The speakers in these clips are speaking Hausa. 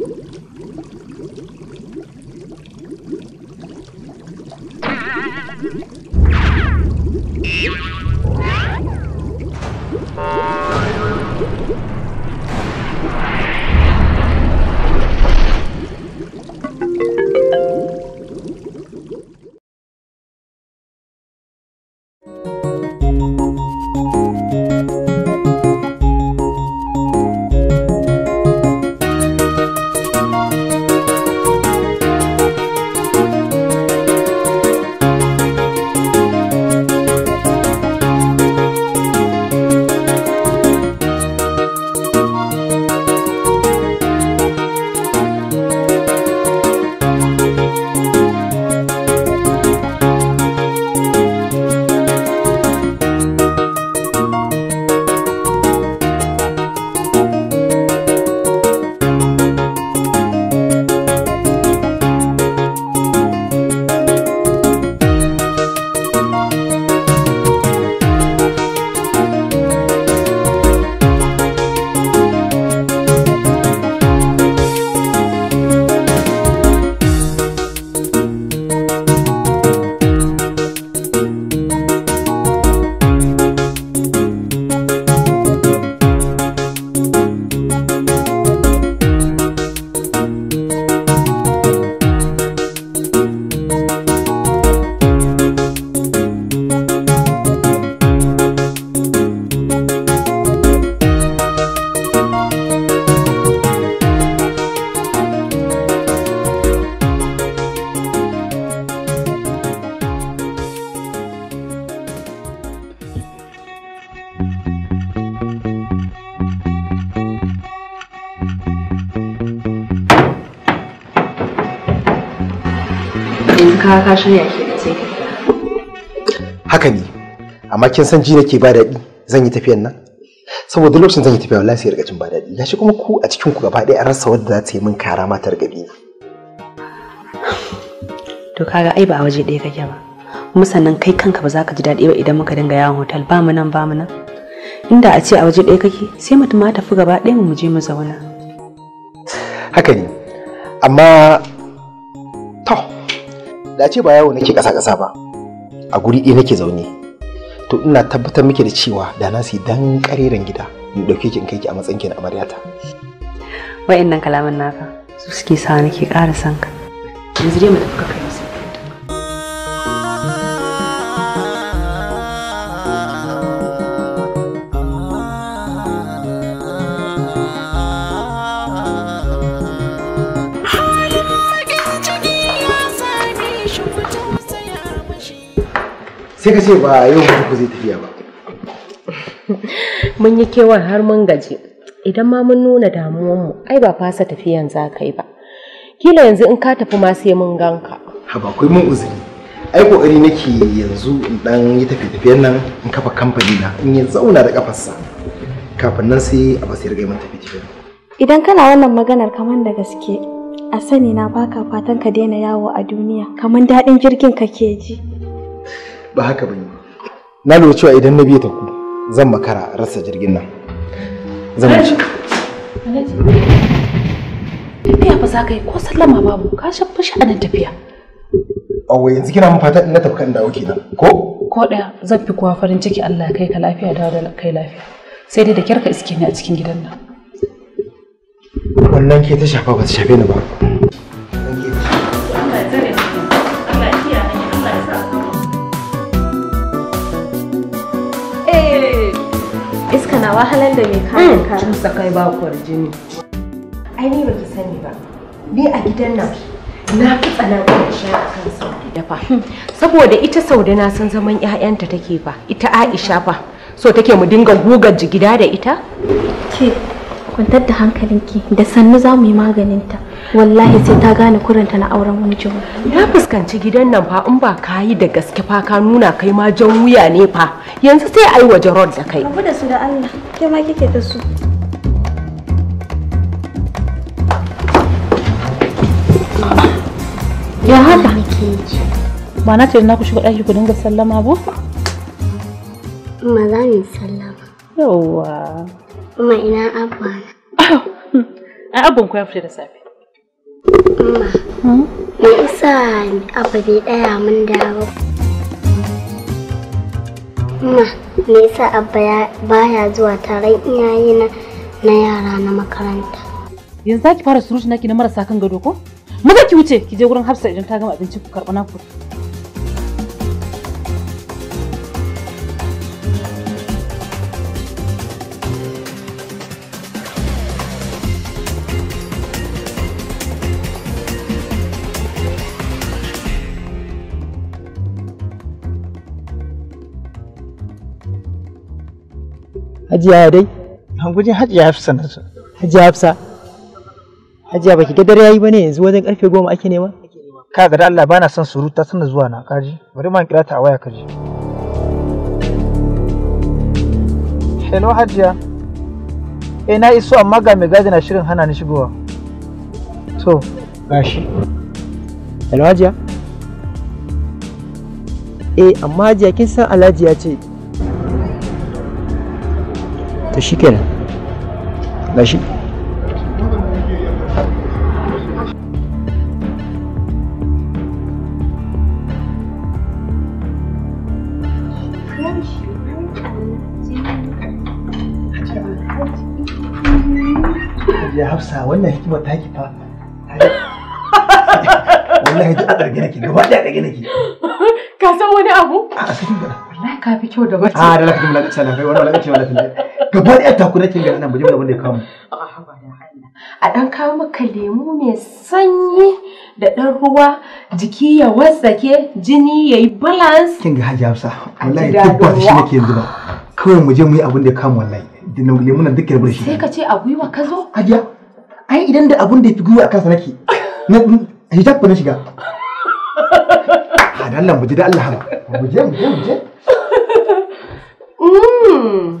you yanzu ka ka shirya ke da sai haka ne amma kin san ji nake ba daɗi zan yi tafiyan nan saboda lokacin zan yi tafiya wallahi sai rigacin ba daɗi gashi kuma ku a cikin ku gaba ɗaya an rasa wadda za ta yi min kara matar targabi na to kaga ai ba a waje ɗaya kake ba kuma sannan kai kanka ba za ka ji daɗi ba idan muka dinga yawon hotel ba mu nan ba mu nan inda a ce a waje ɗaya kake sai mutum ma tafi gaba ɗaya mu je mu zauna haka ne amma to da ce ba yawo nake ƙasa ƙasa ba a guri ɗaya nake zaune to ina tabbatar muke da cewa da na su dan ƙareren gida in ɗauke ki in kai ki a matsayin ki na amaryata kalaman naka su suke sa nake ƙara sanka yanzu dai mu tafi kai sai ka ce ba yau mutu ku zai tafiya ba mun yi kewar har mun gaji idan ma mun nuna damuwanmu ai ba fasa tafiyan za ka yi ba kila yanzu in ka tafi ma sai mun ganka ha ba kai mun uzuri ai kokari nake yanzu in dan yi tafi tafiyan nan in kafa kamfani na in yi zauna da ƙafarsa. kafin nan sai a basir ga mun tafi tafiya idan kana wannan maganar kamar da gaske a sani na baka fatan ka daina yawo a duniya kamar daɗin jirgin ka ke ji ba haka bane na lura cewa idan na biye ta ku zan makara rasa jirgin nan zan mace tafiya ba za ka yi ko sallama babu ka shafa sha'anin tafiya awo yanzu kina mun fata in na tafi kan dawo kenan ko ko daya zan fi kuwa farin ciki Allah ya kai ka lafiya dawo da kai lafiya sai dai da kyarka iske ni a cikin gidan nan wannan ke ta shafa ba ta shafe ni ba wahalar da mai kayan mm. ka. Cusa kai ba jini. Ai ni baki sani ba. Ni a gidan nan na fi tsanan Aisha a kan Saude fa. Hmm. Saboda ita Saude na san zaman ƴaƴanta take fa. Ita Aisha fa. So take mu dinga gugar jigida da ita? Ke kwantar da hankalinki da sannu za mu yi maganinta wallahi sai ta gane kuranta na auren mijin ya fuskanci gidan nan fa in ba ka yi da gaske fa ka nuna kai ma jan wuya ne fa yanzu sai yi waje rod da kai abu da su da Allah ke ma kike da su ya haka ba na ce na ku shiga ɗaki ku dinga sallama ba ma za mu sallama yawwa Umma ina abuwa na. Ai abun ku ya fita da safe. Umma. Hmm? Me yasa abu bai ɗaya min da ba? Umma, me yasa abba ya zuwa taron iyayena na yara na makaranta? Yanzu za ki fara surutu naki na marasa kan gado ko? Maza ki wuce ki je gurin Hafsa idan ta gama abinci ku karɓa naku. hajiya dai an gujin hajiya hafsa na su hajiya hafsa hajiya baki ga dare yayi ne yanzu wajen karfe goma ake nema ka ga da Allah bana son surutu tana zuwa na kaji bari ma kira ta a waya kaji hello hajiya eh na iso amma ga mai gadi na shirin hana ni shigowa so gashi hello hajiya eh amma hajiya kin san alhaji ya ce to shi kenan shi ya hafsa wannan hikima ta kifa wallahi duk a ɗarge nake gaba ɗaya ɗarge nake ka san wani abu a asirin da wallahi ka fi kyau da mace a ah, da lafiya lafiya lafiya wani lafiya ne gaba ɗaya takura kin ga nan bujin abin da ya kamu ah, a ɗan kawo maka lemu mai sanyi da ɗan ruwa jiki ya wasake jini ya yi balance kin ga hajji hafsa wallahi duk ba shi nake yanzu ba kawai mu je mu yi abin da ya kamu wallahi da nan duk shi sai ka ce a gwiwa ka zo hajiya ai idan da abin da ya fi gwiwa a kansa nake na hijab na shiga ah, da Allah mu je da Allah mu je mu je mu je mm.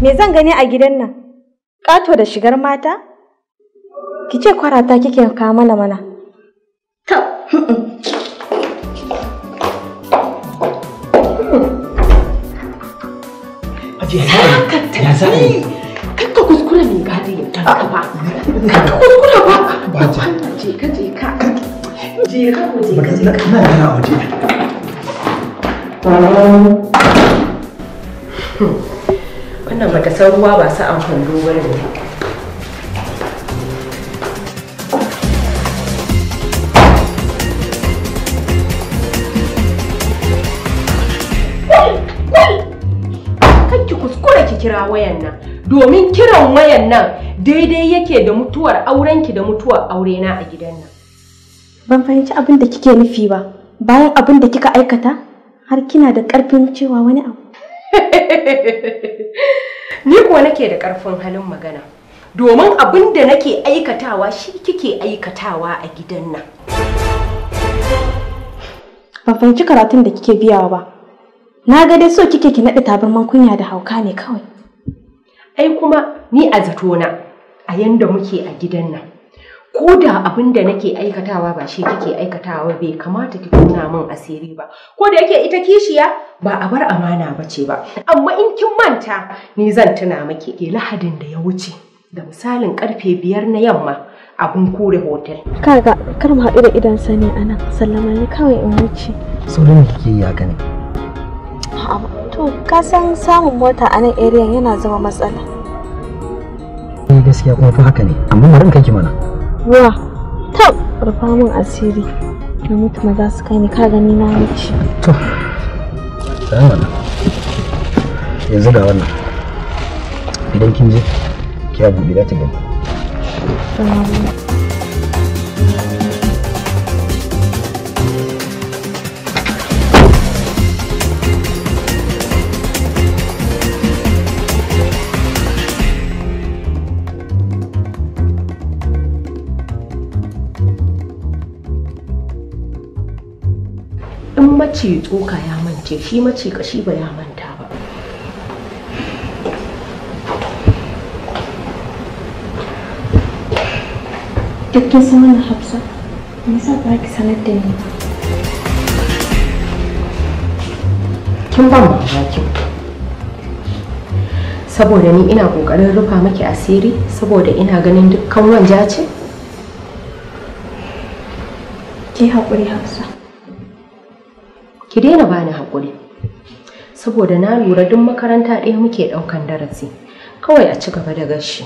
Me zan gani a gidan nan? Ƙato da shigar mata? Ki ce kwarata kike kawo mana mana. Ta, Ya za yi? Kakka kuskure mai gadi ya tanka ba. Ah, Kakka kuskure ba. Ba ta. Je ka je ka. Je ka ko je ka je ka. Na na waje. Hmm. wannan mata san ruwa ba sa amfan kwando ne Kan ki kuskure ki kira wayan nan domin kiran wayan nan daidai yake da mutuwar aurenki da mutuwar aurena a gidan nan ban fahimci abin da kike nufi ba bayan abin da kika aikata har kina da ƙarfin cewa wani abu Ni kuwa nake da ƙarfin halin magana. Domin abin da nake aikatawa shi kike aikatawa a gidan nan. Ban fahimci karatun da kike biyawa ba. Na ga dai so kike ki naɗa tabarman kunya da hauka ne kawai. Ai kuma ni a zatona a yanda muke a gidan nan. ko da abin da nake aikatawa ba shi kike aikatawa bai kamata ki tuna min asiri ba ko da yake ita kishiya ba a bar amana ba ce ba amma in kin manta ni zan tuna miki ke lahadin da ya wuce da misalin karfe biyar na yamma a kure hotel kaga kar mu haɗu da idan sani anan sallama ne kawai in wuce ne kike ya gane to ka san samun mota a nan area yana zama matsala eh, gaskiya kuma fa haka ne amma bari in kai ki mana ruwa ta rufa min asiri na mutu maza su kai ni ka gani na mace to sai wannan yanzu ga wannan idan kin je ki abu gida ta gani mace tsoka ya mance shi mace kashi ba ya manta ba duk kin san wannan hafsa me yasa ba ki sanar da ni kin ban mamaki saboda ni ina kokarin rufa maki asiri saboda ina ganin dukkan wanja ce ki haƙuri hafsa ki daina bani haƙuri saboda na lura duk makaranta ɗaya muke ɗaukan darasi kawai a ci gaba da gashi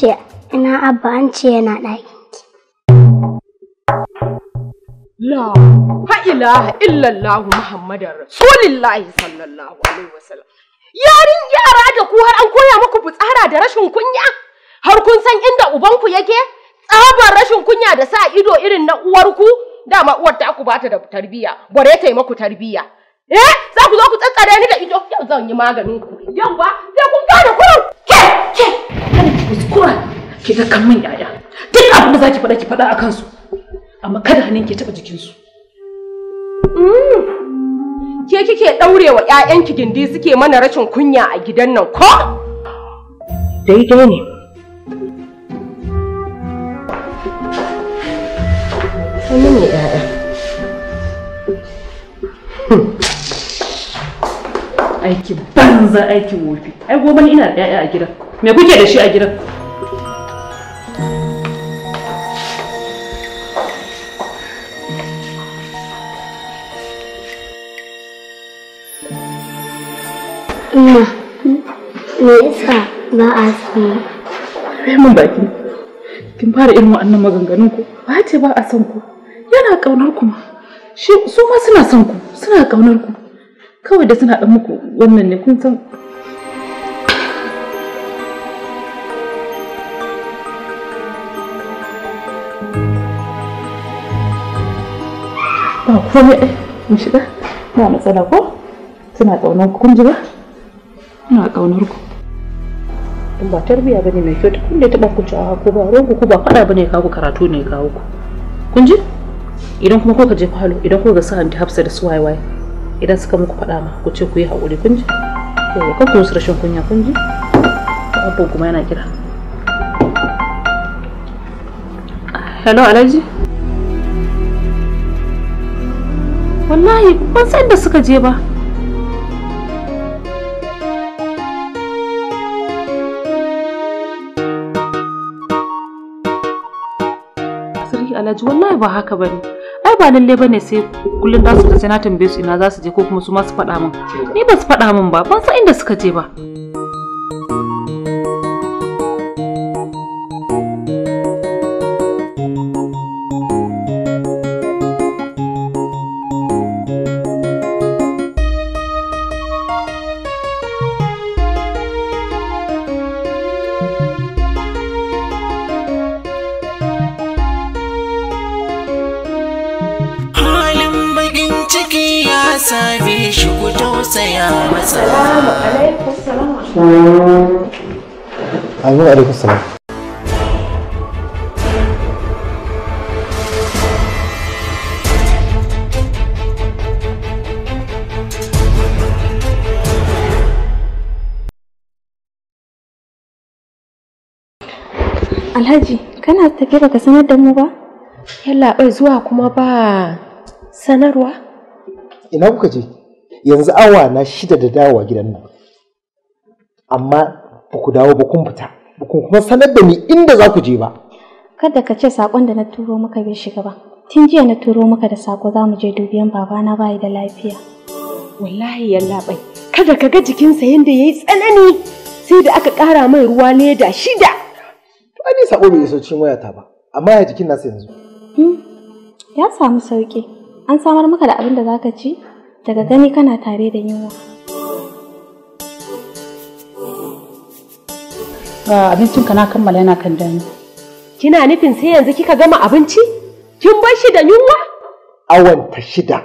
Yeah. Ina abba an ce yana ɗakinki. La ha ilaha illallah Muhammadar Rasulillahi sallallahu alaihi wasallam. Yarin yara da ku har an koya muku fitsara da rashin kunya? Har kun san inda ubanku yake? Tsabar rashin kunya da sa ido irin na uwarku? Dama uwar ta ku bata da tarbiyya, bare ta yi maku tarbiyya. Eh, za ku zo ku tsatsare ni da ido, yau zan yi maganin ku. Yau ba, sai kun gane kurum. Ke, ke, kada ki kuskura. ki ga kan min yaya duk abin da za ki faɗa ki faɗa a kansu amma kada hannun ki taɓa jikinsu. Mm. Ke kike ɗaurewa ‘ya'yanki gindi suke mana rashin kunya a gidan nan ko? Daidai ne. Wani ne ‘ya'ya. Hmm. Aiki banza aiki wofi. Ai goma ina da ‘ya'ya a gidan. Me kuke da shi a gidan? Ina, me yasa ba a son Kare min baki. Kin fara irin waɗannan maganganun ku. Ba ce ba a son ku. Yana ƙaunar ku ma. Shi su ma suna son ku, suna ƙaunar ku. Kawai da suna ɗan muku wannan ne kun san ba komai mu shiga ba matsala ko suna ƙaunar ku kun ji ba ina ƙaunar ku in ba tarbiya bane mai kyau kun da ta ku ci a ko ba ruwan ku ba faɗa bane kawo karatu ne kawo ku kun ji idan kuma ka je falo idan kuka ga sa anti hafsa da su waye idan suka muku faɗa ma ku ce ku yi haƙuri kun ji yawa ka kuma su rashin kunya kun ji Abba kuma yana kira hello alhaji wallahi ban san da suka je ba alhaji wallahi ba haka bane ai ba lalle bane sai kullun da su da, sai na tambaye su ina za su je ko kuma su ma su faɗa min ni ba su faɗa min ba ban san inda suka je ba Amin alaikum Alhaji, kana tafi baka sanar da mu ba? Yallaɓai zuwa kuma ba sanarwa? Ina kuka je? Yanzu awa na shida da dawowa gidan nan. amma ba ku dawo ba kun fita ba kun kuma sanar da ni inda za ku je ba kada ka ce sakon da na turo maka bai shiga ba tun jiya na turo maka da sako za mu je dubiyan babana bayi da lafiya wallahi ya kada ka ga jikinsa yadda yi tsanani sai da aka ƙara mai ruwa leda shida to ai sako bai iso cikin wayata ba amma ya jikin nasa yanzu hmm, ya samu sauƙi, an samar maka da abin da ka ci daga gani kana tare da yunwa abincin ka na kammala yana kan dani kina nufin sai yanzu kika gama abinci kin bar shi da yunwa awan ta shida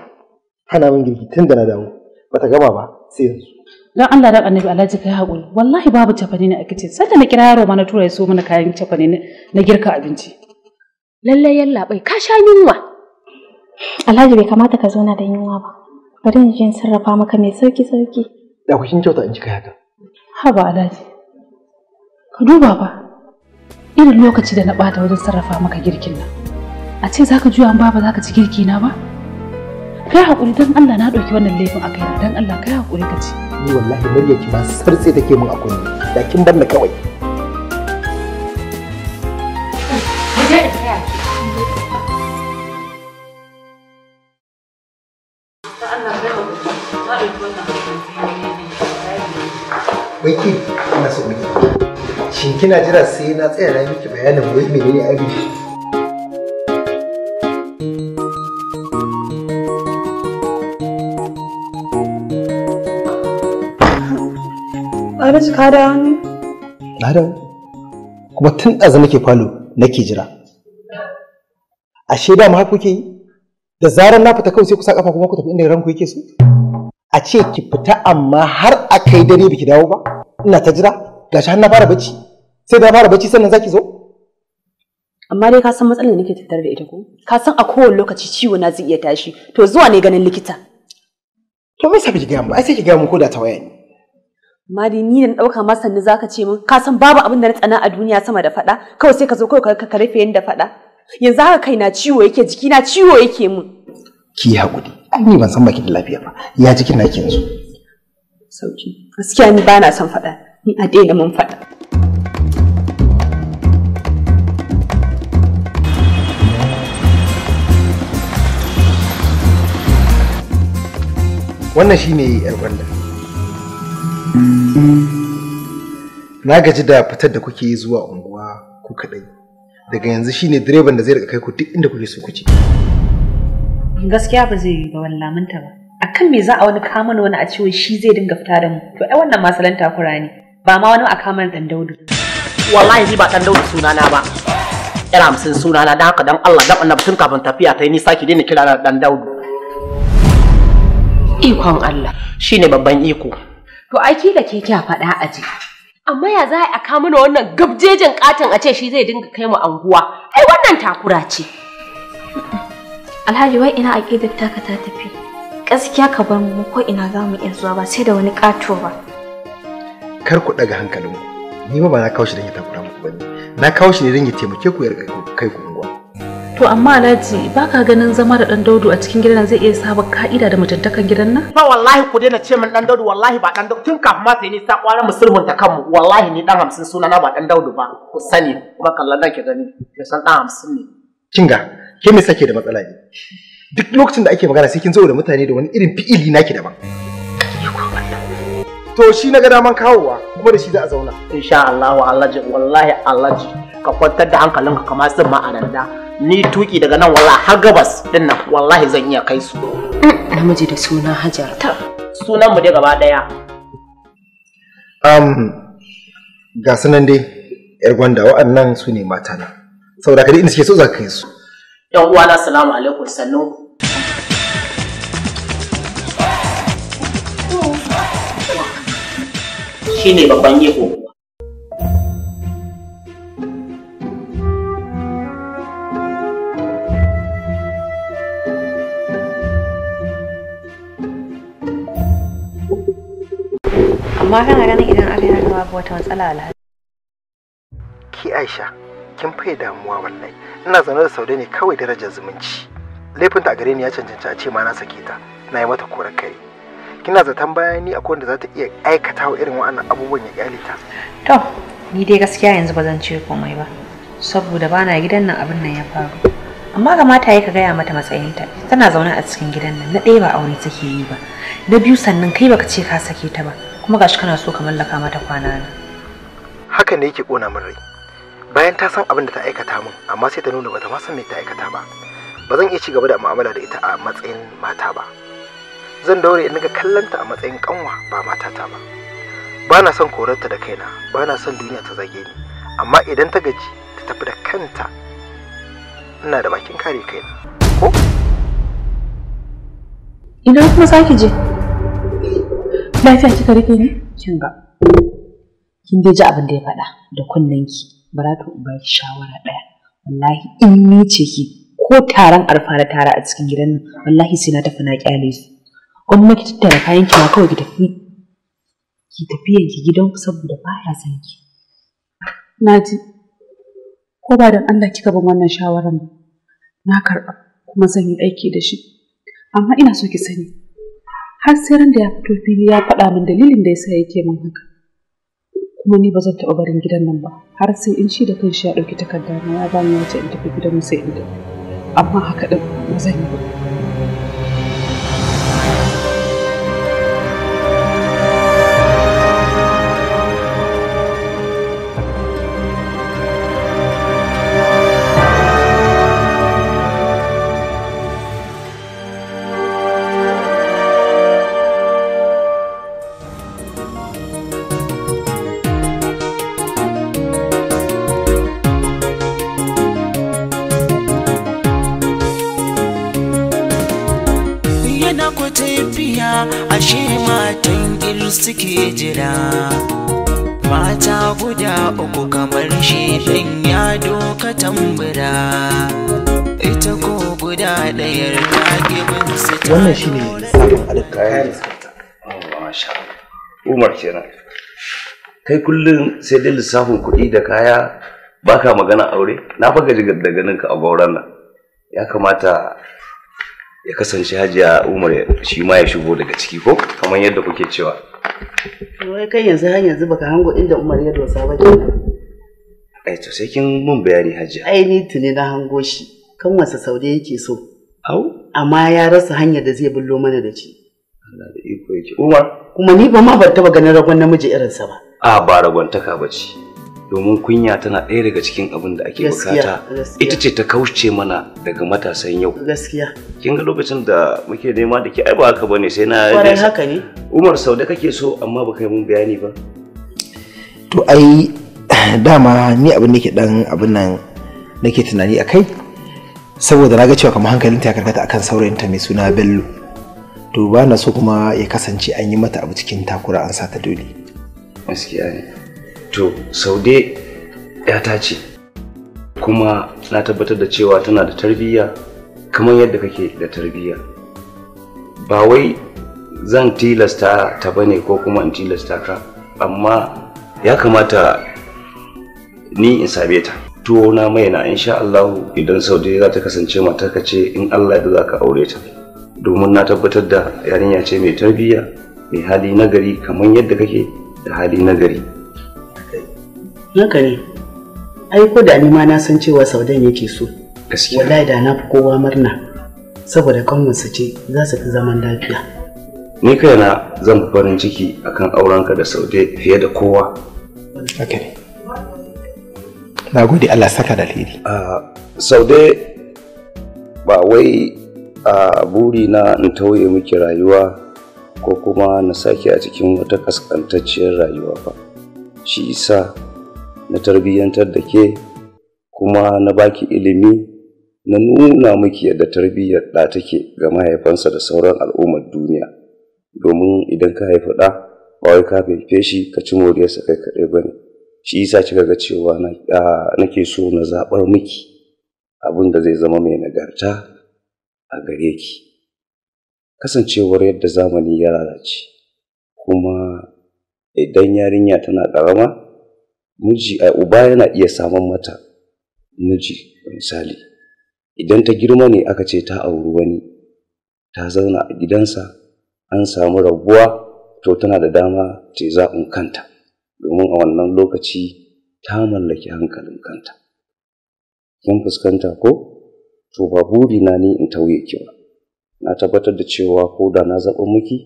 hana min girki tun da na dawo bata gama ba sai yanzu dan Allah dan annabi Alhaji kai hakuri wallahi babu cafane ne a kicin, sai da na kira yaro ma na tura ya so mana kayan cafane na girka abinci lalle yalla bai ka sha yunwa Alhaji bai kamata ka zauna da yunwa ba bari in je sarrafa maka mai sauki sauki da kushin kyauta in ji kai haka haba Alhaji ka duba ba irin lokaci da na bata wajen sarrafa maka girkin nan a ce zaka juya an baba ka ci girki na ba kai hakuri dan Allah na dauki wannan laifin a kai dan Allah kai hakuri ka ci ni wallahi murya ki ba sartse take min a kunne da kin bar ni kawai Thank you. kina jira sai na tsaya na miki bayanin wai menene abin shi Ana kada Na dawo. Kuma tun ɗaza nake falo nake jira. Ashe da ma kuke yi? Da zarar na fita kawai sai kusa sa kafa kuma ku tafi inda ranku yake so? A ce ki fita amma har a kai dare biki dawo ba? Ina ta jira? Gashi har na fara bacci. sai da fara bacci sannan zaki zo amma dai ka san matsalar da nake tattare da ita ko ka san a kowane lokaci ciwo na zai iya tashi to zuwa ne ganin likita to me sabi ga mu ai sai ki ga mu ko da ta waya ne Mari ni da dauka ma sannu za ka ce min ka san babu abin da na tsana a duniya sama da faɗa kawai sai ka zo kawai ka rufe yanda faɗa yanzu haka kai na ciwo yake jikina ciwo yake min. Ki yi haƙuri ni ban san baki da lafiya ba ya jikin na yanzu. Sauki gaskiya ni ba na son faɗa ni a daina mun faɗa. wannan shi ne yar gwanda na gaji da fitar da kuke yi zuwa unguwa ku kaɗai, daga yanzu shi ne direban da zai rika kai ku duk inda kuke so ku ce. gaskiya ba zai yi ba wani lamunta ba A kan me za a wani kama wani a cewa shi zai dinga fita da mu to ai wannan masalan takura ne ba ma wani a kama dan daudu wallahi ni ba dan daudu sunana ba ina hamsin sunana dan haka dan Allah dan annabi kafin tafiya ta yi ni saki daina kira dan daudu Ikon Allah Shi ne babban iko. To ai kila ke kya faɗa a ji. Amma ya za a kawo mana wannan gabjejin katon a ce shi zai dinga kai mu anguwa. Ai wannan takura ce. Alhaji wai ina aƙidar taka ta tafi. Gaskiya ka bar mu ko ina za mu iya zuwa ba sai da wani ƙato ba. Kar ku ɗaga hankalinku. Ni ma ba na kawo shi don ya takura muku ba ne. Na kawo shi ne don ya taimake ku ya kai ku To amma Alhaji ba ka ganin zama da ɗan Daudu a cikin gidan zai iya saba ka'ida da mutuntakan gidan nan? Ba wallahi ku daina ce min ɗan Daudu wallahi ba ɗan Daudu tun kafin ma sai ni ta kwana mu ta kanmu wallahi ni ɗan hamsin suna na ba ɗan Daudu ba ku sani kuma kallon da ke gani ke san ɗan hamsin ne. Kinga ke me sake da matsala ne? Duk lokacin da ake magana sai kin zo da mutane da wani irin fi'ili naki daban. to shi na ga daman kawowa kuma da shi za a zauna insha Allah wallahi wallahi Allah ka kwantar da hankalinka kamar sun ma'ananda ni tuki daga nan wallahi har gabas din nan wallahi zan iya kai su namiji da suna hajar sunan mu dai gaba daya um ga sunan dai yar gwanda wa'annan su ne mata na saboda ka dai inda suke so za ka kai su yan uwa na assalamu alaikum sannu shine babban yiko amma kana ganin idan aka yi haka babu wata matsala alhaji ki aisha kin faye damuwa wallahi ina zaune da saude ne kawai darajar zumunci laifinta a gare ni ya cancanci a ce ma na sake ta na yi mata korar kai kina zaton bayani akwai wanda za ta iya aikatawa irin wa'annan abubuwan ya kyale ta to ni dai gaskiya yanzu ba zan ce komai ba saboda bana gidan nan abin nan ya faru amma kamata ya ka gaya mata matsayinta tana zaune a cikin gidan nan na ɗaya ba aure take yi ba na biyu sannan kai baka ce ka sake ta ba kuma gashi kana so ka mallaka mata kwana na haka ne yake kona min rai bayan ta san abin da ta aikata min amma sai ta nuna bata ma san me ta aikata ba ba zan iya cigaba da mu'amala da ita a matsayin mata ba zan daure in ga kallanta a matsayin kanwa ba matata ba ba na son korarta da kaina ba na son duniya ta zage ni amma idan ta gaji ta tafi da kanta ina da bakin kare kaina ko idan kuma sake je lafiya kika rike ni kin ga kin dai ji abin da ya faɗa da kunnen bara to in ki shawara ɗaya wallahi in ni ce ki ko taron arfa na tara a cikin gidan nan wallahi sai na tafi na kyale su ma ki tattara kayan ki ma kawai ki tafi ki tafi yanki gidan ku saboda ya san ki naji ko ba dan Allah kika bin wannan shawaran ba na karɓa kuma zan yi aiki da shi amma ina so ki sani har sai ran da ya fito fili ya faɗa min dalilin da yasa yake min haka kuma ni ba zan taɓa barin gidan nan ba har sai in shi da kanshi ya ɗauki takarda na ya bani wace in tafi gidan in inda amma haka ɗin ba zan yi ba umar kenan kai kullum sai dai lissafin kuɗi da kaya baka magana aure na fa gaji da ganin ka a gauran nan ya kamata ya kasance hajiya umar shi ma ya shigo daga ciki ko kamar yadda kuke cewa wai kai yanzu har yanzu baka hango inda umar ya dosa ba ke ai to sai kin mun bayani hajiya ai ni tuni na hango shi kan wasa saude yake so au amma ya rasa hanyar da zai bullo mana da ci. Allah da iko yake umar kuma ni ba ma ban taba ganin ragon namiji irinsa ba a ba ragontaka ba ce domin kunya tana ɗaya daga cikin abin da ake bukata ita ce ta kauce mana daga matasan yau gaskiya kin ga lokacin da muke nema da ke ai ba haka bane sai na kwarai haka ne Umar Saude kake so amma baka yi mun bayani ba to ai dama ni abin da ke dan abin nan nake tunani a kai saboda na ga cewa kamar hankalinta ya karkata akan saurayinta mai suna Bello to na so kuma ya kasance an yi mata abu cikin takura an sa ta dole gaskiya ne to saude ta ce kuma na tabbatar da cewa tana da tarbiyya kamar yadda kake da tarbiyya ba wai zan tilasta ta bane ko kuma in tilasta ka amma ya kamata ni in same ta tuwo na mai na insha Allah idan saude za ta kasance matarka ce in Allah ya za ka aure ta domin na tabbatar da yarinya ce mai tarbiyya mai hali nagari kamar yadda kake da hali nagari Nakari, ai ko da ni ma na san cewa saudan yake so gaskiya wallahi da na fi kowa murna saboda kanwarsa ce za su fi zaman lafiya ni kaina zan fi farin ciki akan aurenka da saude fiye da kowa na gode Allah saka da alheri ah, saude ba wai a buri na in tauye miki rayuwa ko kuma na sake a cikin wata kaskantacciyar rayuwa ba shi isa na tarbiyyantar da ke kuma na baki ilimi na nuna miki yadda tarbiyyar ɗa take ga mahaifansa da sauran al'ummar duniya domin idan ka haifi ɗa ba wai ka haife shi ka ci moriyarsa kai kaɗai ba ne shi isa kika ga cewa nake so na zaɓar miki abin da zai zama mai nagarta a gare ki kasancewar yadda zamani ya lalace kuma idan yarinya tana ƙarama miji a uba yana iya samun mata miji misali idan ta girma ne aka ce ta auri wani ta zauna a gidansa an samu rabuwa to tana da dama ta zaɓin kanta domin a wannan lokaci ta mallaki hankalin kanta kin fuskanta ko to ba buri na ne in tauye ki ba na tabbatar da cewa ko da na zaɓa miki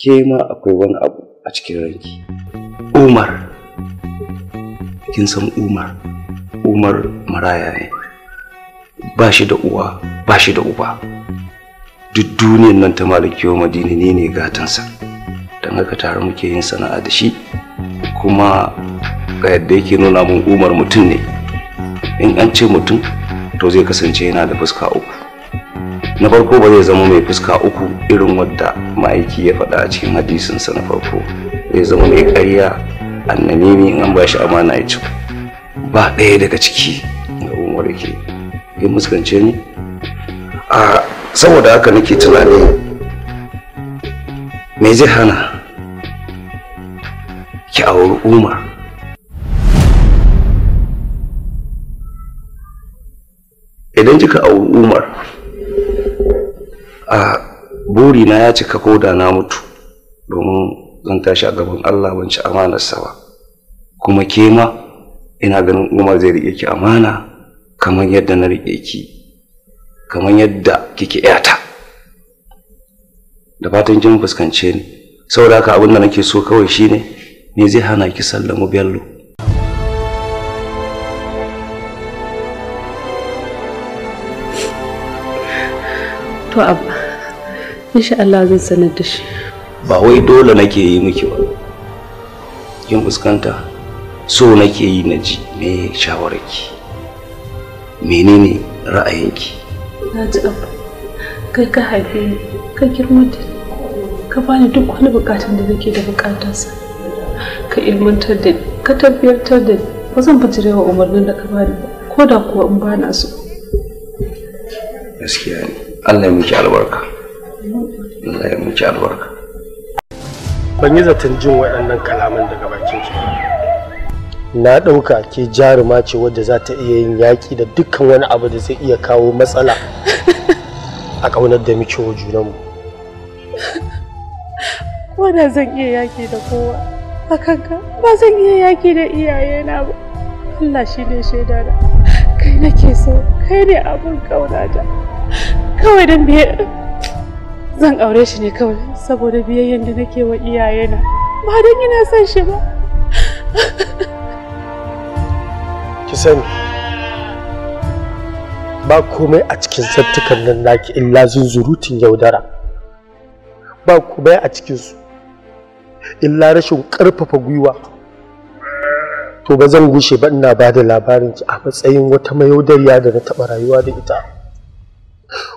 ke ma akwai wani abu a cikin ranki umar kin san umar umar maraya ne ba shi da uwa ba shi da uba duk duniyan nan ta malakiyo madina ne ne gatansa don haka tare muke yin sana'a da shi kuma ga yadda yake nuna mun umar mutum ne in an ce mutum to zai kasance yana da fuska uku na farko ba zai zama mai fuska uku irin wadda ma'aiki ya faɗa a cikin hadisinsa na farko zai zama mai ƙarya ne in an ba shi amana ya ci ba ɗaya daga ciki ga umar yake ya muskance ni a saboda haka nake tunani me zai hana ki auri umar idan kika auri umar a buri na ya cika ko da na mutu domin zan tashi a gaban allah ban ci amanarsa ba kuma ke ma ina ganin umar zai riƙe ki amana kamar yadda na riƙe ki kamar yadda kike yata da fatan kin fuskance ni saboda haka abin da nake so kawai shine ne zai hana ki sallamu bello to abba insha Allah zan sanar da shi ba wai dole nake yi miki ba kin fuskanta so nake yi na ji me shawararki menene ra'ayinki na ji abba kai ka haife ni ka girma da ka bani duk wani bukatun da nake da bukatarsa ka ilmantar da ni ka tabbatar da ni ba zan bijire wa umarnin da ka bani ko da kuwa in ba na so gaskiya ne Allah ya miki albarka Allah ya miki albarka ban yi zaton jin waɗannan kalaman daga bakin ki na ɗauka ke jaruma ce wadda za ta iya yin yaƙi da dukkan wani abu da zai iya kawo matsala a ƙaunar da muke wa junanmu ko da zan iya yaƙi da kowa a kanka ba zan iya yaƙi da iyayena ba Allah shi ne shaidana, kai nake so kai ne abin ƙaunata kawai dan biye zan aure shi ne kawai saboda biyayyen da nake wa iyayena ba don ina son shi ba ki sani ba komai a cikin sattukan nan naki illa zunzurutun yaudara ba komai a cikin su illa rashin ƙarfafa gwiwa to ba zan gushe ba ina ba da labarin ki a matsayin wata mayaudariya da na taɓa rayuwa da ita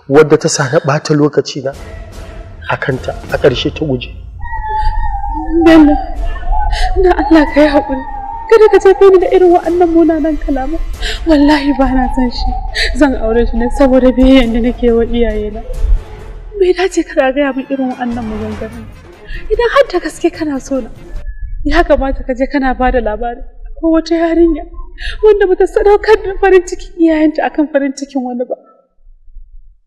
wadda ta sani ɓata lokaci na a kanta a ƙarshe ta guje. Bello, na Allah ka yi haƙuri. Kada ka tafi ni da irin wa'annan munanan kalama. Wallahi ba na san shi. Zan aure shi ne saboda biyan da nake wa iyayena. Bai dace kana gaya min irin wa'annan maganganun. Idan har da gaske kana so na, ya kamata ka je kana bada da labari ko wata yarinya wanda bata sadaukar da farin cikin iyayenta akan farin cikin wani ba.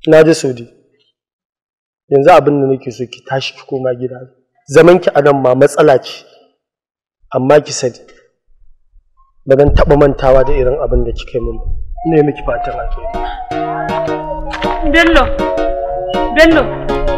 na je saudi yanzu abin da nake so ki tashi ki koma gida zaman ki a nan ma matsala ce amma ki sani ba zan taɓa mantawa da irin abin da kika yi mun ne miki fatan alheri bello bello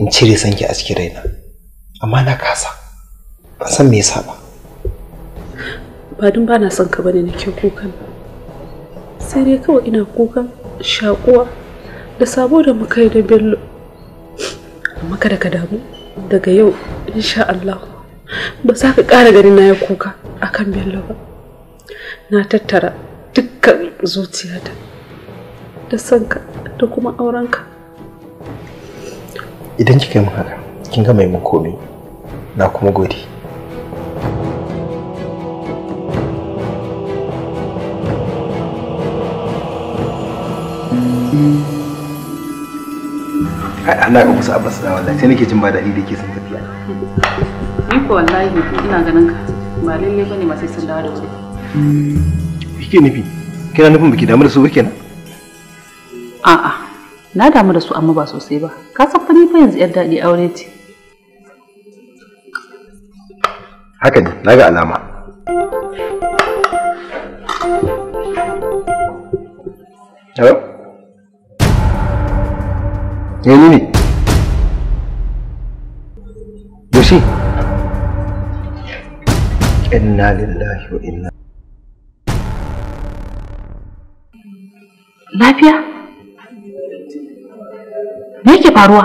in cire sanki a cikin raina amma na kasa ban san me yasa ba ba dun ba na son ka bane nake kukan sai dai kawai ina kukan shakuwa da sabo da muka yi da bello amma kada ka damu daga yau insha Allah ba za ka ƙara gani na ya kuka akan bello ba na tattara dukkan zuciyata da sanka da kuma aurenka idan kika yi mun haka kin ga mai mun komai na kuma gode ai Allah ya kusa abbas da wallahi sai nake jin ba daɗi da ke sun tafiya ni ko wallahi ina ganin ka ba lalle bane ma sai sun dawo da wuri kike nufi kina nufin biki damu da su ba kenan na damu da su amma ba sosai ba ka san fa ni fa yanzu yar daɗi aure ce haka ne na ga alama Hello? Ya eh, ni ne? Yaushe? Inna lillahi wa inna. Lafiya? me yake faruwa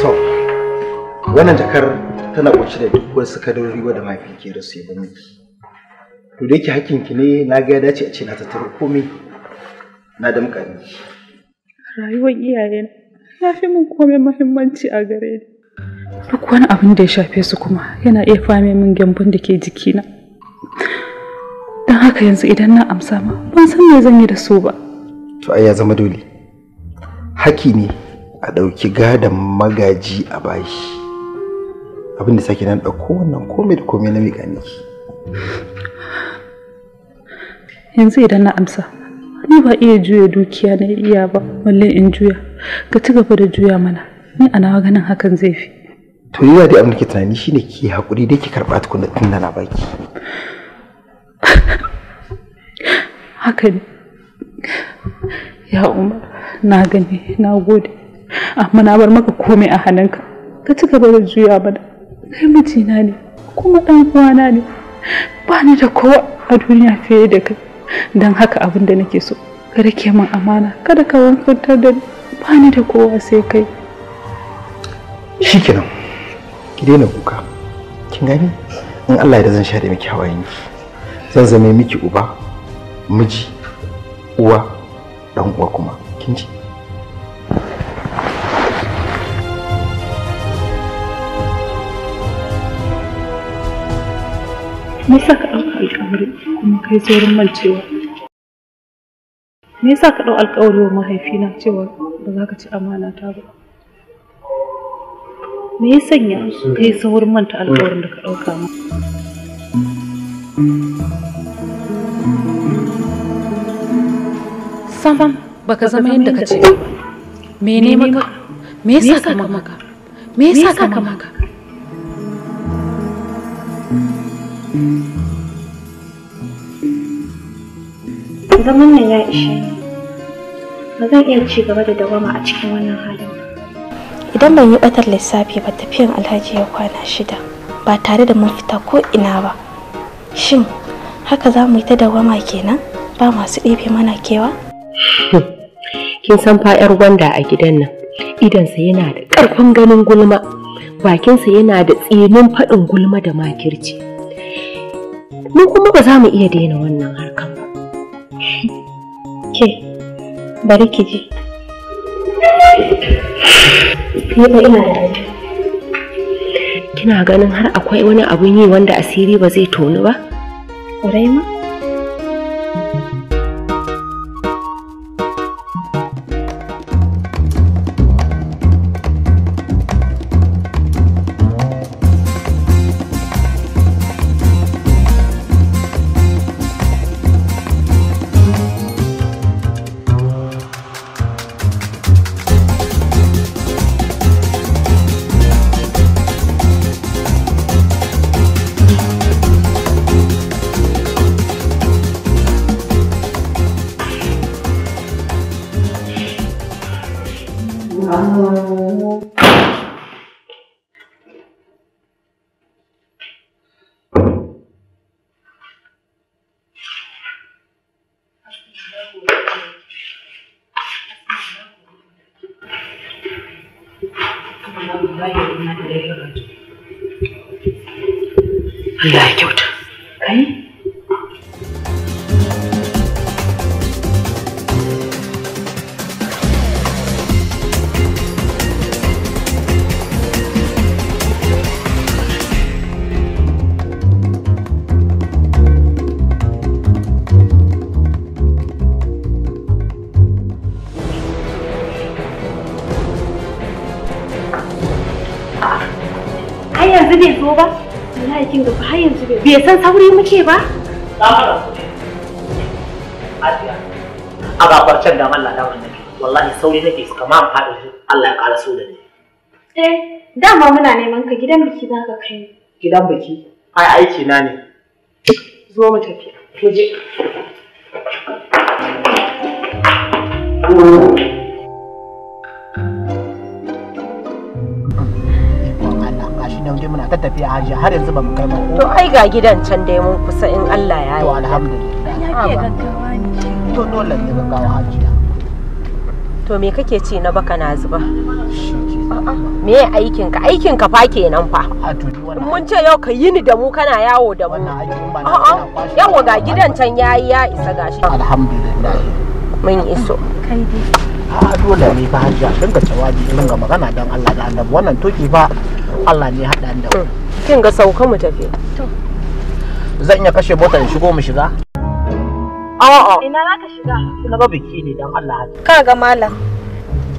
to wannan jakar tana kunshi da duk wasu kadarori wadda mahaifin ke rasu ya bani to da yake ki ne na ga dace a ce na tattaro komai na da mukani rayuwar iyayena ya fi min komai muhimmanci a gare ni duk wani abin da ya shafe su kuma yana iya fame min gyambon da ke jikina don haka yanzu idan na amsa ma ban san me zan yi da su ba to ai ya zama dole haki ne a ɗauki gadon magaji a bashi abin da sake nan ɗauko wannan komai da komai na miƙa miki yanzu idan na amsa ni ba iya juya dukiya na iya ba balle in juya ka ci gaba da juya mana ni a nawa ganin hakan zai fi to yi da abin da ke tunani shine ki haƙuri da ki karɓa tukunan da na baki haka ne ya umar na gani na gode amma na bar maka komai a hannunka ka ci gaba da juya mana kai mijina ne kuma ɗan uwana ne ba ni da kowa a duniya fiye da kai don haka abin da nake so ka ke min amana kada ka wankantar da ba ni da kowa sai kai shikenan ki daina kuka kin gani in Allah ya da zan share miki hawayenki zan zame miki uba miji uwa dan uwa kuma kin ji Me yasa ka ɗauka alƙawari kuma kai saurin mancewa? Me yasa ka ɗau alƙawari wa mahaifina cewa ba za ka ci amana ta ba? Me ya sanya kai saurin manta alƙawarin da ka ɗauka ma? Sam baka zama yadda ka ce mene maka me yasa ka maka me yasa ka maka zaman nan ya ishe ba zan iya ci gaba da dawama a cikin wannan halin idan ban yi batar lissafi ba tafiyan alhaji ya kwana shida ba tare da mun fita ko ina ba shin haka za mu yi ta dawama kenan ba masu ɗebe mana kewa kin san fa'yar gwanda a gidan nan idansa yana da ƙarfin ganin gulma bakinsa yana da tsinin faɗin gulma da makirci mu kuma ba za mu iya daina wannan harkan ba ke bari ki ji ina da kina ganin har akwai wani abun yi wanda asiri ba zai tonu ba? Ƙwarai ma? Like it. kuke ba? A gafarcen da Allah da wannan wallahi sauri nake kama an faɗi su Allah ya ƙara so da ni. Eh, dama muna neman ka gidan biki za ka kai. Gidan biki? Ai aiki na ne. Zo mu tafi. Ku je. mu je muna ta tafiya hajiya har yanzu ba mu kai ba to ai ga gidan can dai mun kusa in Allah ya yi to alhamdulillah ya gaggawa ne to dole ne gaggawa hajiya to me kake ce na baka na zuba me ya aikin ka aikin ka fa kenan fa mun ce yau ka yi ni da mu kana yawo da mu a'a yawa ga gidan can yayi ya isa gashi alhamdulillah mun iso kai dai a dole ne fa Hajiya dinga jawabi dinga magana dan Allah da annabi wannan toki fa Allah ne haɗa da mm. kin ga sauka mu tafi To. zan iya kashe motar in shigo mu shiga a'a ina za ka shiga na ga biki ne dan Allah ka ga malam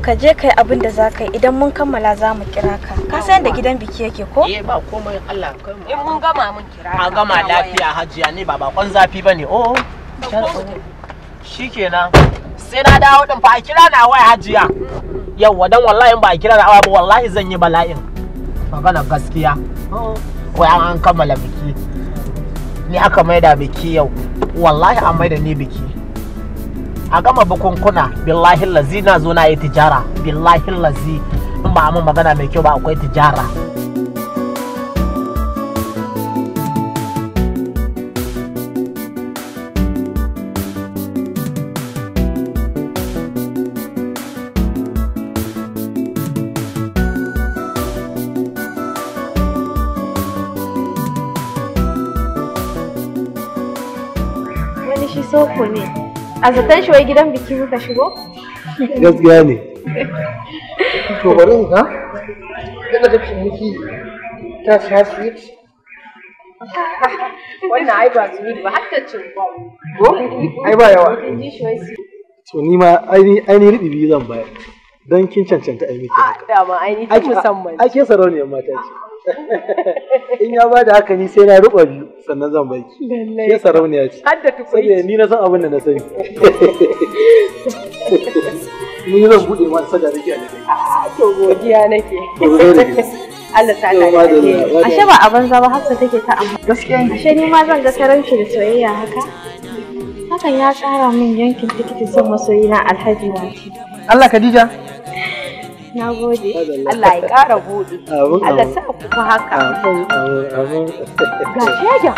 ka je kai abin da za ka yi idan mun kammala za mu kira ka ka san da gidan biki yake ko eh ba komai Allah kai mu in mun gama mun kira ka gama lafiya hajiya ne ba bakon zafi bane oh shikenan sai na dawo din fa a kira na waya hajiya mm, mm. yawwa dan wallahi ba a kira na waya ba wallahi zan yi bala'in magana gaskiya wai an kammala biki ni aka maida biki yau wallahi an maida ni biki a gama bukunkuna billahi lazi na zo na yi tijara billahi lazi in ba a magana mai kyau ba akwai tijara ko ne a zaton shi wai gidan biki muka shigo gaskiya ne to bari in ka da ka ciniki ta sha sweet wannan ai ba sweet ba har ta cimbom ko ai ba yawa to ni ma ai ni biyu zan bayar don kin cancanta ai miki haka ah, dama ai ni musamman ake sarauniyar mata ce in ya ba da haka ni sai na ruɓa biyu sannan zan bai lallai ya sarauniya ce har da ni na san abin da na sani ni zan bude ma sada rike a ah, to godiya nake Allah ta ta ke ashe ba a banza ba hafsa take ta amma gaskiya ashe ni ma zan ga karanci da soyayya haka hakan ya tsara min yankin tikiti son masoyina alhaji wati Allah Khadija Na gode. Allah ya ƙara buɗe. Allah sa ku haka. Ga shaida.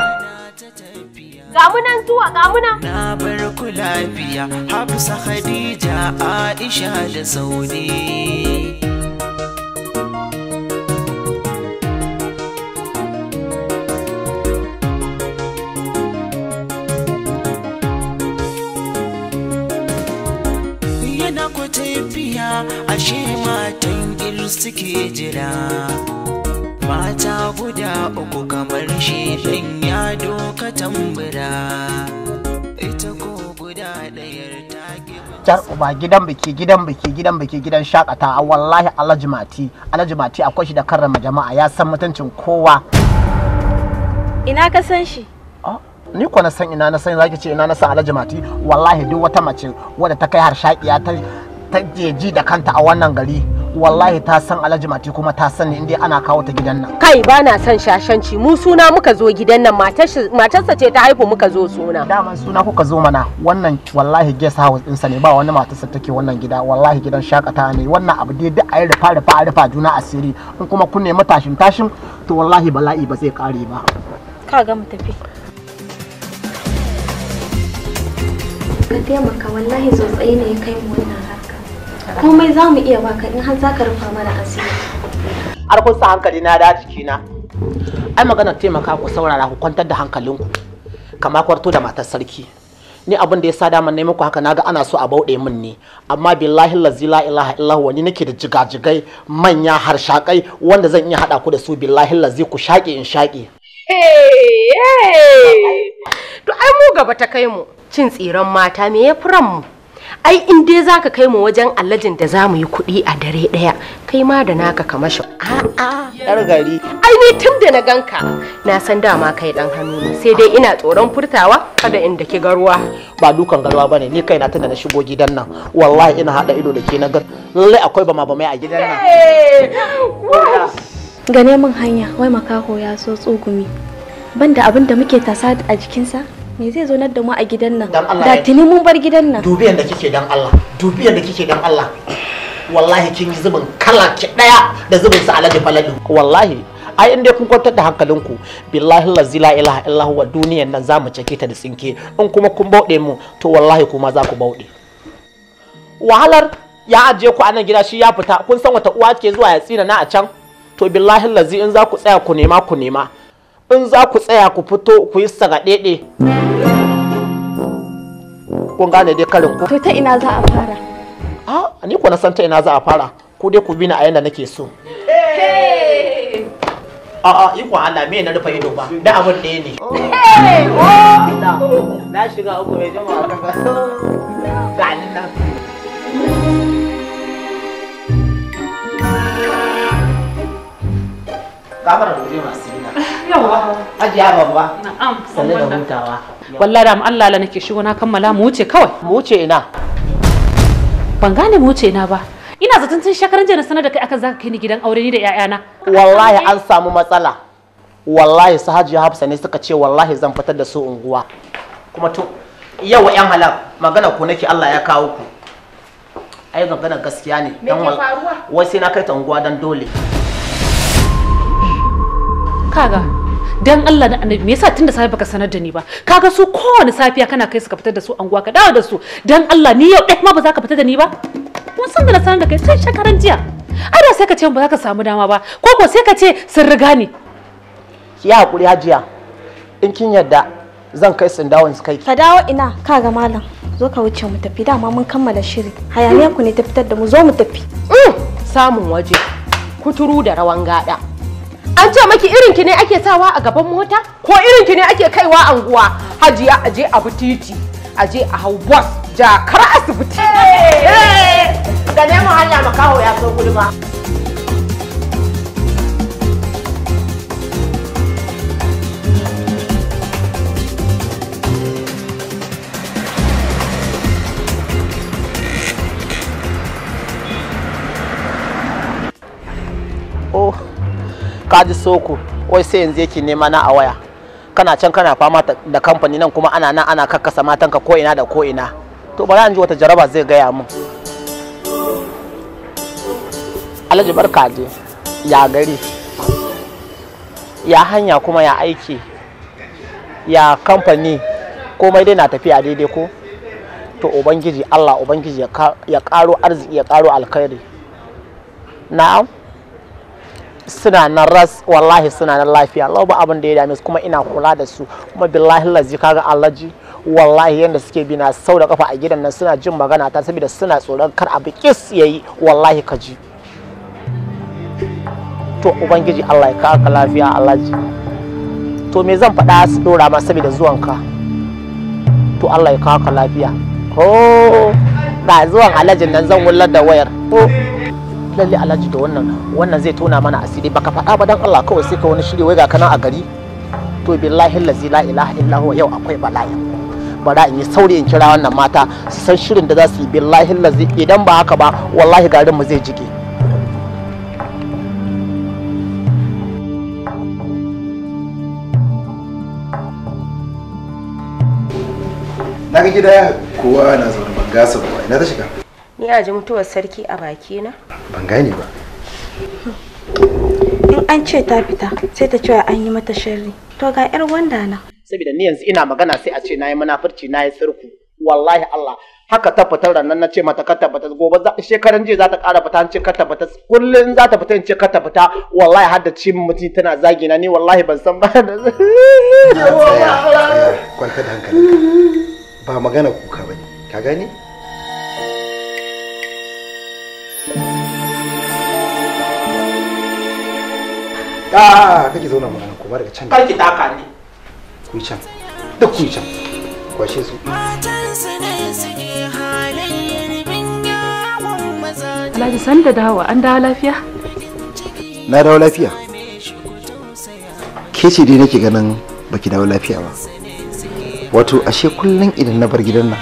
Ga zuwa ga Na bar ku lafiya Hafsa Khadija Aisha da Saudi. ashe matan ir suke jira mata guda uku kamar shi ɗin ya doka tambura ita ko guda ɗayar ta jar uba gidan biki gidan biki gidan biki gidan shakatawa wallahi alhaji mati alhaji akwai shi da karrama jama'a ya san mutuncin kowa ina ka san shi ah, ni ko na san ina na san zaki ce ina na san alhaji mati wallahi duk wata mace wadda ta kai har shaƙiya ta ta ji da kanta a wannan gari wallahi ta san alhaji mati kuma ta san inda ana kawo ta gidan nan kai ba na san shashanci mu suna muka zo gidan nan matarsa ce ta haifu muka zo suna daman suna kuka zo mana wannan wallahi guest house ɗinsa ne ba wani matarsa take wannan gida wallahi gidan shakata ne wannan abu dai duk a yi rufa rufa rufa juna asiri in kuma kun nemi tashin tashin to wallahi bala'i ba zai kare ba ka ga mu tafi ka taimaka wallahi sosai ne ya kai mu wannan komai za mu iya baka in har za ka rufa mana asiri har kun sa hankali na da jikina ai magana taimaka ku saurara ku kwantar da hankalinku kamar kwarto da matar sarki ni abin da ya sa daman neman ku haka naga ana so a bauɗe min ne amma billahi lazi la ilaha illahu wani nake da jigajigai manya harshakai wanda zan iya haɗa ku da su billahi lazi ku shaƙe in shaƙe. to ai mu gaba ta kai mu cin tsiran mata me ya furan mu. ai in dai zaka kai mu wajen allajin da za mu yi kuɗi a dare ɗaya kai ma da naka ka mashi a'a yar gari ai ni tun da na ganka na san dama kai dan hannu ne sai dai ina tsoron furtawa kada in daki garwa ba dukan garwa bane ni kai na da na shigo gidan nan wallahi ina hada ido da ke na ga lallai akwai bama bamai a gidan nan gane min hanya wai makaho ya so tsugumi banda abin da muke tasa a jikinsa me zai zo nan da mu a gidan nan da tuni mun bar gidan nan dubi yanda kike dan Allah dubi yanda kike dan Allah wallahi kin yi zubin kala ki daya da zubin sa alaji falali wallahi ai in dai kun kwantar da hankalinku billahi lazi la ilaha illa wa duniyan nan zamu cike ta da tsinke in kuma kun bauɗe mu to wallahi kuma za ku bauɗe wahalar ya ajiye ku a nan gida shi ya fita kun san wata uwa ke zuwa ya tsina na a can to billahi lazi in za ku tsaya ku nema ku nema in za ku tsaya ku fito ku yi sagaɗeɗe kun gane dai karin ku to ta ina za a fara a ni ku na san ta ina za a fara ku dai ku bi ni a yanda nake so a a iko Allah me na rufe ido ba da abin da ne oh! Oh! na shiga uku mai jama'a ga nan kamar da masu yawa ajiya da hutawa wallahi da Allah la nake shigo na kammala mu wuce kawai mu wuce ina ban gane mu wuce ina ba ina zaton tun shekaran jana sanar da kai akan zaka kai ni gidan aure ni da ƴaƴana wallahi an samu matsala wallahi su haji hafsa ne suka ce wallahi zan fitar da su unguwa kuma to yau wa 'yan halal magana ku nake Allah ya kawo ku ai magana gaskiya ne dan wai sai na kai ta unguwa dan dole kaga dan Allah annabi me yasa tunda da safe baka sanar da ni ba kaga su kowane safiya kana kai su ka fitar da su anguwa ka dawo da su dan Allah ni yau dai ma ba za ka fitar da ni ba kun san da sanar da kai sai shakaran jiya ai da sai ka ce ba za ka samu dama ba ko ko sai ka ce sun riga ni ki hakuri hajiya in kin yarda zan kai sun dawo su kai ka dawo ina kaga malam zo ka wuce mu tafi dama mun kammala shiri hayaniya ku ne ta fitar da mu zo mu tafi mm, samun waje kuturu da rawan gada An ce maki irin ki ne ake sawa a gaban mota ko irin ki ne ake kaiwa anguwa hajiya aje abu titi aje a hau bus jakar asibiti. Da neman hanya makaho ya so gulma. Oh. kaji soko wai sai yanzu yake nema na a waya kana can kana fama da kamfani nan kuma ana nan ana kakkasa matanka ko ina da ko ina to bari an ji wata jaraba zai gaya mun alhaji barka je ya gari ya hanya kuma ya aiki ya kamfani komai dai na tafiya daidai ko to ubangiji allah ubangiji ya karo arziki ya karo alkhairi na'am suna nan ras wallahi suna nan lafiya Allah ba abin da ya dame su kuma ina kula da su kuma billahi lazi kaga alaji wallahi yanda suke bi na sau da kafa a gidan nan suna jin magana ta saboda suna tsoron kar abu kis yayi wallahi ka ji to ubangiji Allah ya kawo ka lafiya alaji to me zan faɗa su dora ma saboda zuwanka to Allah ya kawo ka lafiya ho oh, da zuwan alajin nan zan wullar da wayar oh lalle alhaji da wannan wannan zai tona mana asiri baka faɗa ba dan Allah kawai sai ka wani shiri wai ga kana a gari to billahi lazi la ilaha illa huwa yau akwai bala'i bara in yi sauri in kira wannan mata su san shirin da za su yi billahi lazi idan ba haka ba wallahi garin mu zai jike na ga gida kowa na zaune ban gasa ba ina ta shiga ni a ji mutuwar sarki a baki na ban gane ba in an ce ta fita sai ta cewa an yi mata sharri to ga yar wanda na saboda ni yanzu ina magana sai a ce nayi munafurci nayi sirku wallahi Allah haka ta fitar da nan na ce mata ka tabbata gobe shekaran jiya za ta ƙara fita ce ka tabbata kullun za ta fita in ce ka tabbata. wallahi har da cin mutum tana zagi na ni wallahi ban san ba eh, da kwanta da hankali ba magana kuka bane ka gani a ah, kake zauna mu nan kuma daga can kar ki taka ne. ku yi can duk ku yi can kwashe su Alhaji san da dawo an dawo lafiya? Na dawo lafiya. Ke ce dai nake ganin baki dawo lafiya ba. Wato ashe kullum idan na bar gidan nan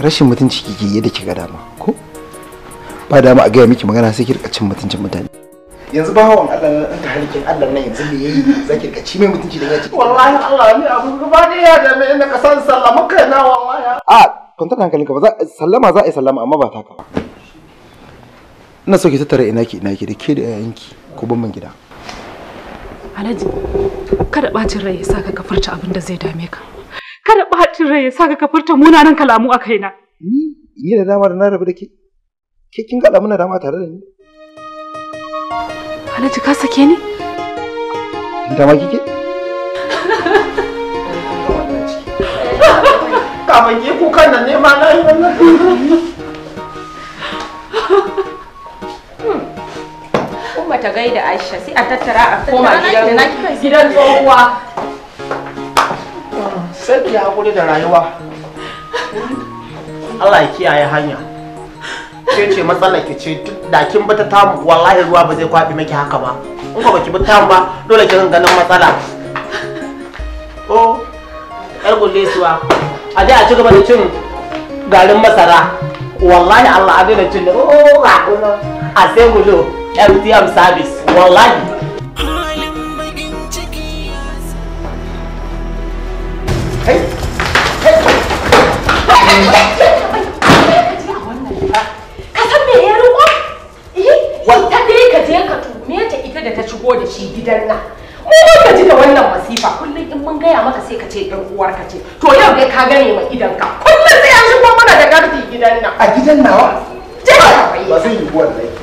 rashin mutunci kike yadda kika dama ko? Ba dama a gaya miki magana sai ki rika cin mutuncin mutane. yanzu ba hawan Allah nan ta halikin Allah nan yanzu me yayi zaki ka ci mai mutunci da yaci wallahi Allah ni abu gaba ne ya da mai inda ka san sallama kai na wallahi a kun ta hankalin ka ba za sallama za a yi sallama amma ba ta ka ba ina so ki tattara ina ki ina ki da ke da yanki ko ban man gida Alhaji kada bacin rai ya saka ka furta abin da zai dame ka kada bacin rai ya saka ka furta munanan kalamu a kaina ni ni da dama da na rabu da ke ke kin gada muna dama tare da ni Alhaji ka sake ni? Da ma kike? Kamar ke ku kana ne ma na yi wannan. Kuma ta gaida Aisha sai a tattara a koma gidan gidan tsohuwa. Sai ya hakuri da rayuwa. Allah ya kiyaye hanya. ke ce matsalar ki ce da kin ta tamu wallahi ruwa ba zai kwabi miki haka ba in ba ki bi tamu ba dole ganin matsala oh yar suwa a je a ci gaba da cin garin masara wallahi Allah a daina cin oh a sai gulo MTM service wallahi Hey! Hey! ne ya ruko eh wata dai ka je ka tume ta ita da ta shigo da shi gidan nan mu ba ka ji da wannan masifa kullum in mun gaya maka sai ka ce ɗan uwar ka ce to yau dai ka gane ma idan ka kullum sai an shigo mana da garfi gidan nan a gidan nawa je ka ba zai yi dai.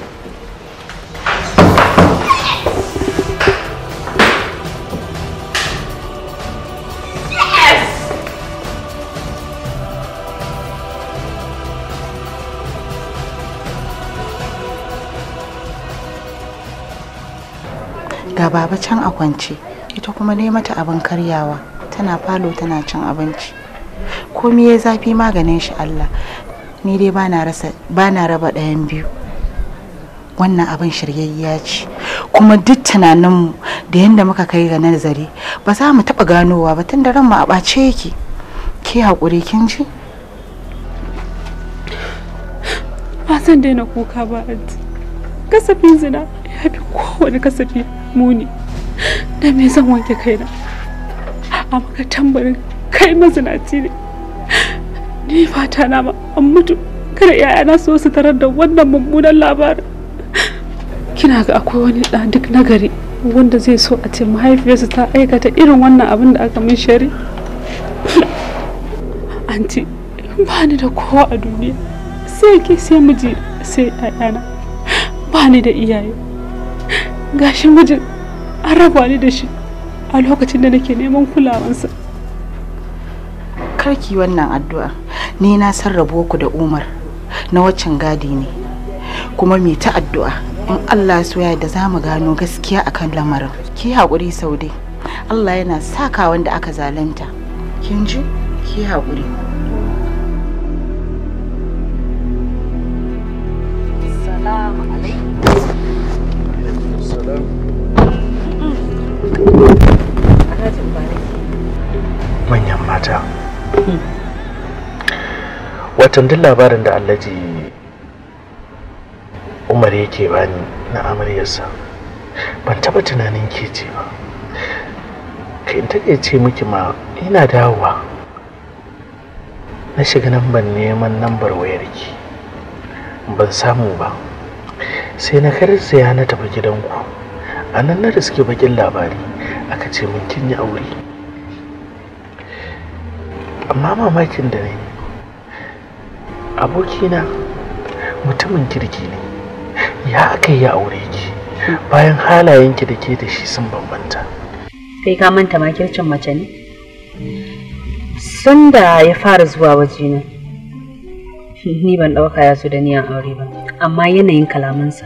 ga baba can a kwance ita kuma ne mata abin karyawa tana falo tana cin abinci komi ya zafi maganin shi Allah ni dai ba na raba ɗayan biyu wannan abin shiryayya ce kuma duk tunaninmu da yadda muka kai ga nazari ba za mu taɓa ganowa ba tun da ranmu a ɓace yake ke haƙuri kin ji ba zan daina kuka ba kasafin zina ya fi kowane kasafi muni da me zan wanke kaina a maka tambarin kai mazinaci ne ni fata na ma an mutu kada 'ya'yana so su tarar da wannan mummunan labarin kina ga akwai wani ɗa duk nagari wanda zai so a ce mahaifiyarsa ta aikata irin wannan abin da aka min shari anti ba ni da kowa a duniya sai ke sai miji sai 'ya'yana ba ni da iyaye gashin mijin an raba ni da shi a lokacin da nake neman kulawansa karki wannan addu'a ni na san ku da umar na waccan gadi ne kuma mai ta addu'a in allah so ya da za mu gano gaskiya akan lamarin ki haƙuri sau dai allah yana saka wanda aka zalunta kin ji ki haƙuri watan duk labarin da alhaji umar yake bani na amaryarsa ban taba tunanin ke ce ba kai ta ce miki ma ina dawowa na shiga nan ban neman lambar wayarki ban samu ba sai na karsaya na tafi gidanku a nan na riske bakin labari aka ce mun kin yi aure amma mamakin da ne abokina mutumin kirki ne ya aka yi aure ki bayan halayenki da ke da shi sun bambanta kai ka manta makircin mace ne sun da ya fara zuwa wajena ni ban ɗauka ya zo da niyan aure ba amma yanayin kalamansa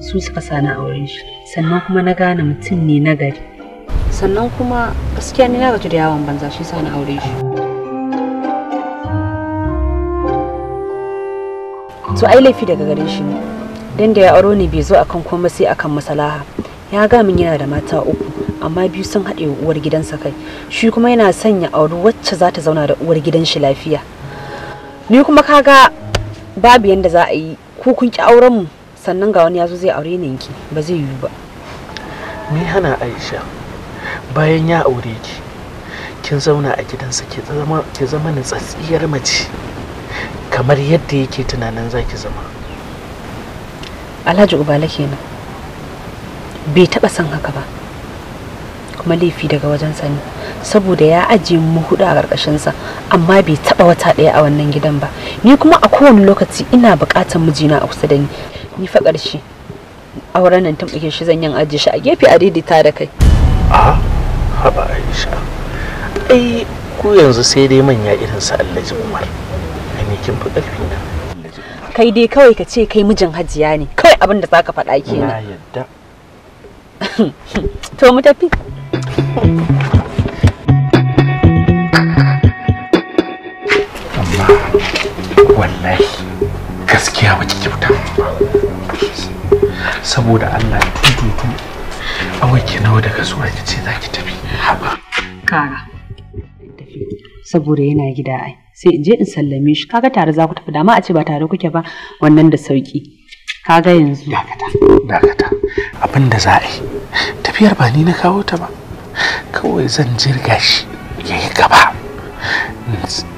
su suka sani auren shi sannan kuma na gane mutum ne na gari sannan kuma gaskiya ne na gaji da yawon banza shi sani na aure shi to ai laifi daga gare shi ne dan da ya aro ni bai zo akan komai sai akan masalaha ya ga min yana da mata uku amma biyu sun haɗe uwar gidansa kai shi kuma yana sanya auri wacce za ta zauna da uwar gidan shi lafiya ni kuma kaga babu yanda za a yi ku kun ki auren mu sannan ga wani yazo zai aure ni yanki ba zai yiwu ba ni hana aisha bayan ya aure ki kin zauna a gidansa ke zama ke zama natsatsiyar mace kamar yadda yake tunanin zaki zama alhaji ubala kenan bai taba son haka ba kuma laifi daga wajen sani saboda ya ajiye mu hudu a ƙarƙashinsa amma bai taba wata ɗaya a wannan gidan ba ni kuma a kowane lokaci ina buƙatar mijina a kusa da ni ni fa ƙarshe auren nan tumɓuke shi zan yin ajiye shi a gefe a daidaita da kai a haba aisha ai ko yanzu sai dai manya irin sa Allah Umar kin ƙarfi na kai dai kawai ka ce kai mijin hajiya ne kawai abin da zaka faɗa ke na yadda to mu tafi amma wallahi gaskiya ba kyauta saboda Allah ya tututu awai ki nawa daga zuwa ki ce za ki tafi haba kara saboda yana gida ai sai in je in sallame shi kaga tare za ku tafi dama a ce ba tare kuke ba wannan da sauki kaga yanzu dakata dakata abin da za a yi tafiyar ba ni na kawo ta ba kawai zan jirga shi ya yi gaba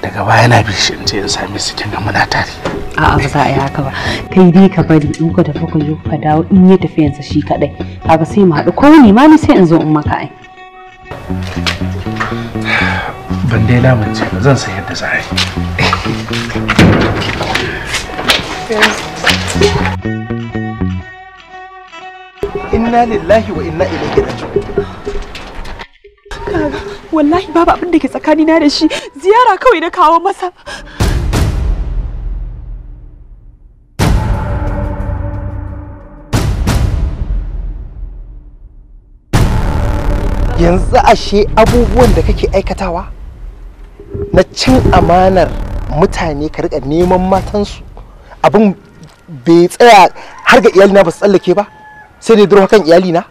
daga baya na bi shi in je in sami su kin muna tare a ba za a yi haka ba kai dai ka bari in ka tafi ku ka dawo in yi tafiyansa shi kadai kaga sai mu haɗu ko ni ma ni sai in zo in maka ai ban dai ce ba zan sayar da za a inna lillahi wa inna ilaihi raji'un wallahi babu abin da ke tsakanina da shi ziyara kawai na kawo masa yanzu ashe abubuwan da kake aikatawa na cin amanar mutane ka rika neman matansu abin bai tsaya har ga iyalina ba su tsallake ba sai dai duro iyali iyalina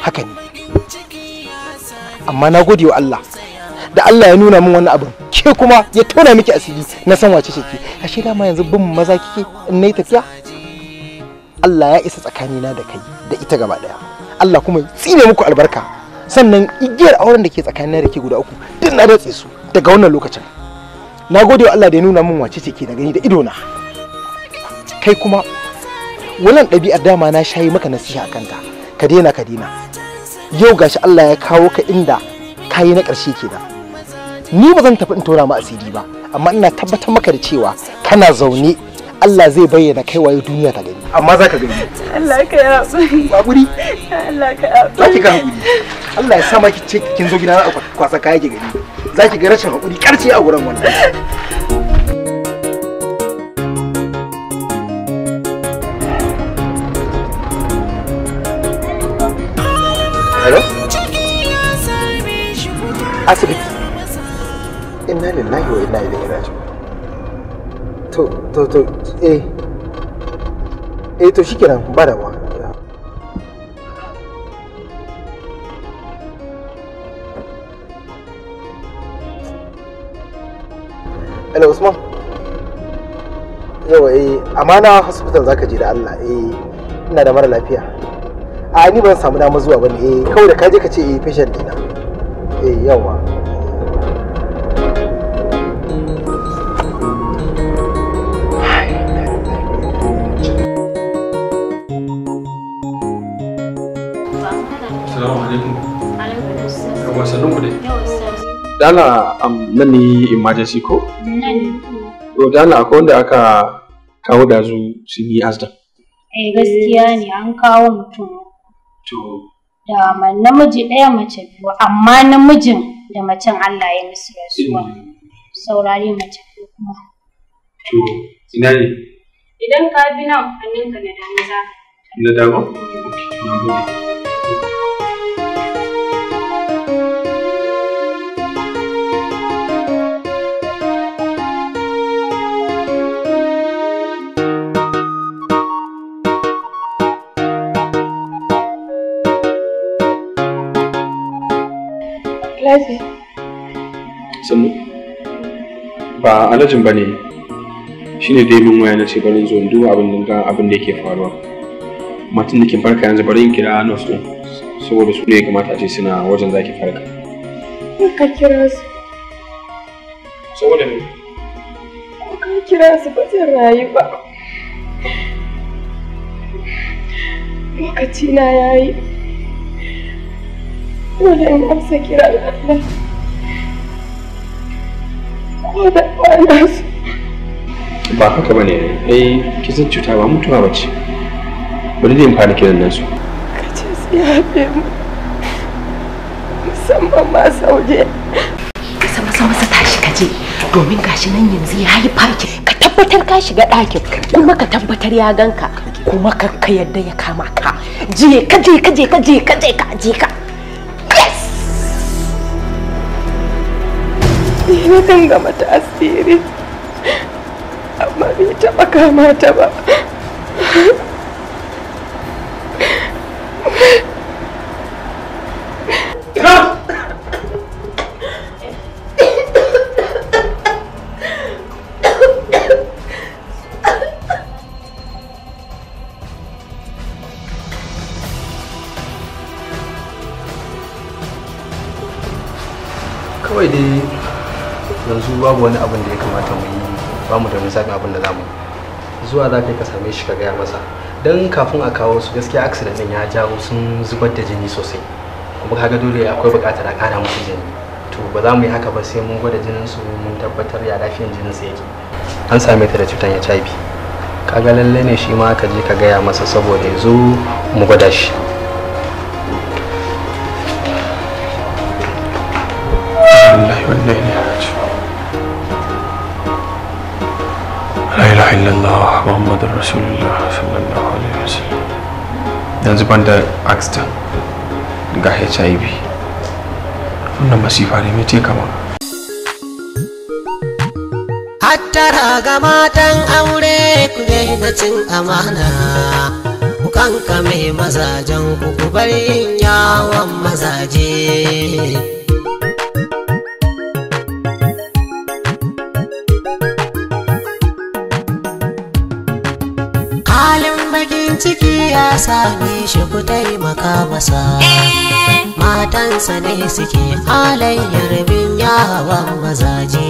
haka ne amma na gode wa Allah da Allah ya nuna min wannan abin ke kuma ya tona miki asiri na san wace ce ke ashe dama yanzu bin maza kike in nayi tafiya Allah ya isa tsakanina da kai da ita gaba daya Allah kuma tsine muku albarka sannan igiyar auren da ke tsakanin da guda uku duk na datse su daga wannan lokacin na gode wa Allah da ya nuna min wace ce ke da gani da idona kai kuma wannan ɗabi'ar dama na shayi maka nasiha kanta ka daina ka daina yau gashi Allah ya kawo ka inda kayi na ƙarshe da. ni ba zan tafi in tona ma asiri ba amma ina tabbatar maka da cewa kana zaune Allah zai bayyana kai wayo duniya ta gani amma za ka gani Allah ka ya hakuri Allah ka ya za ki ga hakuri Allah ya sa ma ki ce kin zo gidana a kwasa kaya ki gani za ki ga rashin hakuri karce a gurin wannan Hello? Asibiti. Inna lillahi wa inna ilaihi raji'un. to to to eh eh to shikenan ba da wa. Hello Usman. Yawa eh amana hospital zaka je da Allah eh ina da mara lafiya. A ni ban samu dama zuwa bane eh kawai da ka je ka ce eh patient dina. Eh yawa. dala um, nan ne emergency ko? to dala akwai wanda aka kawo da zu sun yi asda eh gaskiya ne an kawo mutum to da namiji ɗaya mace biyu amma namijin da macen Allah ya musu rasuwa mm. saurari mace ko kuma to ina ne idan ka bi nan hannunka na dama za ka na dama mm. na gode Rafi. Sannu? Ba alajin ba ne, shi ne dai min waya na ce barin zuwa duba abin da abin da yake faruwa. Matan da ke farka yanzu barin kira na su saboda su ne ya kamata ce suna wajen zaki farka. Ka kira su. Saboda me? Ka kira su ba zan rayu ba. Lokaci na yayi. dole in amsa kiran Allah da kwana ba haka bane ai kisan cuta ba mutuwa bace bari da in fara kiran nan su kace su ya mu musamman ma sauje sama masa masa tashi kaje domin gashi nan yanzu ya yi faki ka tabbatar ka shiga ɗakin kuma ka tabbatar ya ganka kuma ka yadda ya kama ka je ka je ka je ka je ka je ka je ka ya ga mata asiri amma bai taba kama ta ba wani abin da ya kamata mu yi ba mu da wani zaɓin abin da za mu zuwa za ka same shi ka gaya masa Dan kafin a kawo su gaskiya accident din ya jawo sun zubar da jini sosai kuma kaga dole akwai buƙatar a ƙara musu jini to ba za mu yi haka ba sai mun gwada jinin su mun tabbatar ya lafiyan jinin su yake an same ta da cutar HIV kaga lalle ne shi ma ka je ka gaya masa saboda ya zo mu gwada shi ilaha illallah muhammadun rasulullah sallallahu alaihi wasallam yanzu ban da axton ga hiv wannan masifa ne mai ce kama hattara ga matan aure ku daina cin amana ku kankame mazajen ku ku bar yin yawon mazaje same shi ku taimaka masa matansa ne suke halayyar bin yawan mazaje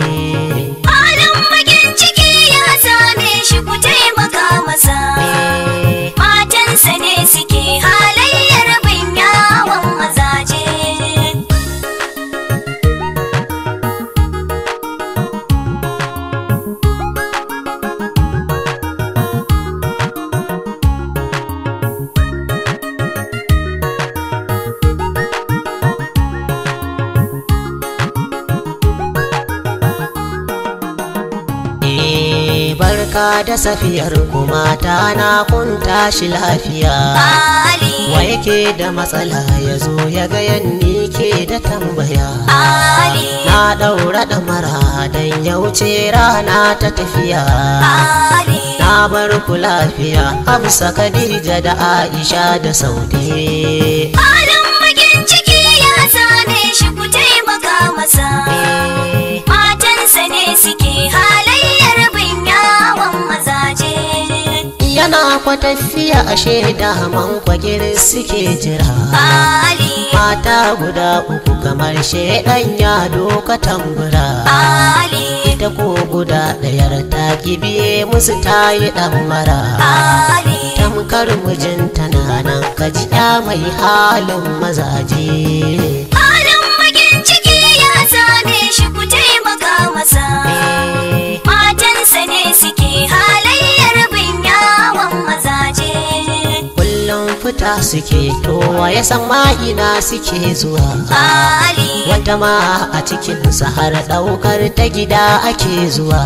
halin bakin ciki ya same shi ku taimaka masa eh. matansa ne suke halayyar barka da safiyar kuma ta na kun shi lafiya wa yake da matsala ya zo ya ga yanni ke da tambaya na daura mara don ya wuce rana ta tafiya na bar ku lafiya amsa kadija da aisha da saude ciki ya shi ku taimaka masa eh. matansa ne suke hala kwa tafiya ashe daman kwagir suke jira mata guda uku kamar shedan ya doka tambura ita ko guda ɗayar ta kibiye musu tayi yi mara. tamkar mijinta na nan kajiya mai halin mazaje halin magin ciki ya same shi ku taimaka masa eh. matansa ne suke hali Wata suke towa ya san ma suke zuwa wata ma a cikin sahar daukar ta gida ake zuwa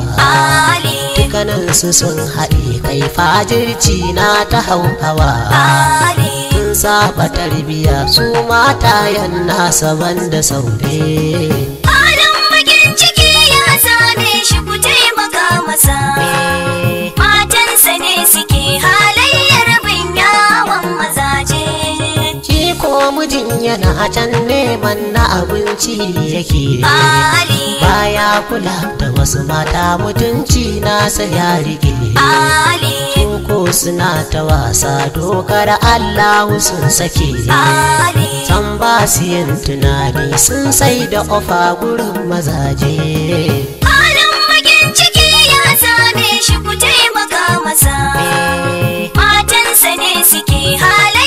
su sun haɗe kai fajirci na ta haukawa. hawa sun saba tarbiya su mata same shi banda taimaka masa eh. matansa ne suke halayya mijin yana a can neman na abinci yake baya kula da wasu mata mutunci nasa ya rike ko suna ta wasa dokar allahu sun sake san ba su yin tunani sun sai da ofa gurin mazaje halin ciki ya same shi ku taimaka masa eh. matansa ne suke halai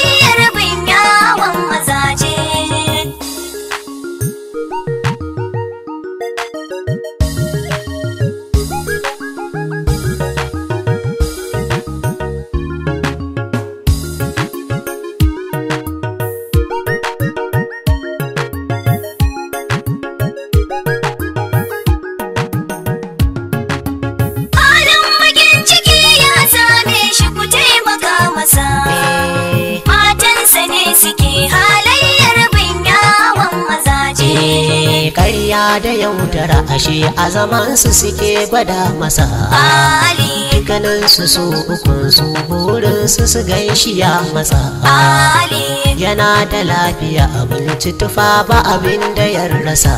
da da ashe a zaman su suke gwada masa ali dukkanin su su ukun su burin su su shi ya masa ali yana da lafiya abinci tufa ba abin da ya rasa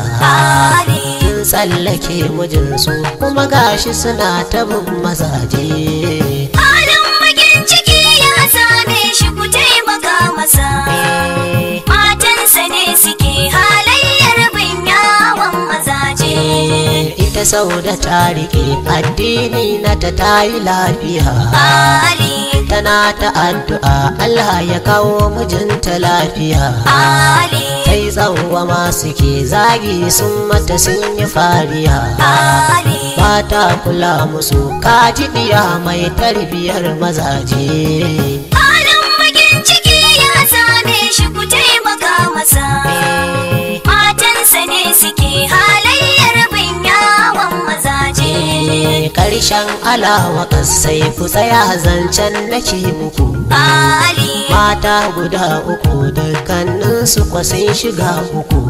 ali sun tsallake mijinsu kuma gashi suna ta bin mazaje halin bakin ciki ya same shi ku taimaka masa eh. matansa ne suke ita sau da ta riƙe addini na ta ta yi lafiya tana ta addu'a Allah ya kawo mijinta lafiya sai tsawo masu ke zagi sun mata sun yi fariya ali ba ta kula musu kajibiya mai tarbiyar mazaje halin bakin ciki ya same shi ku taimaka masa eh. matansa ne suke hali karshen alawa sai ku tsaya zancen nake muku mata guda uku dukkanin su kwasin shiga uku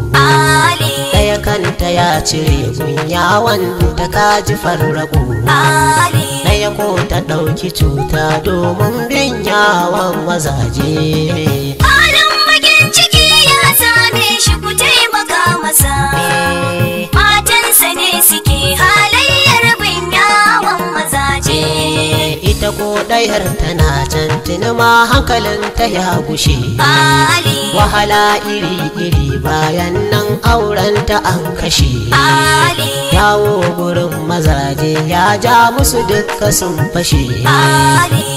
daya kanta ya cire gunyawan ta kaji ali daya ko ta ɗauki cuta domin bin yawan mazaje halin bakin ciki ya same shi ku taimaka masa eh. matansa ne suke hali ita ko ɗayar tana can tuni ma hankalin ta ya gushe wahala iri-iri bayan nan auren ta an kashe yawo gurin mazaje ya ja musu duka sun fashe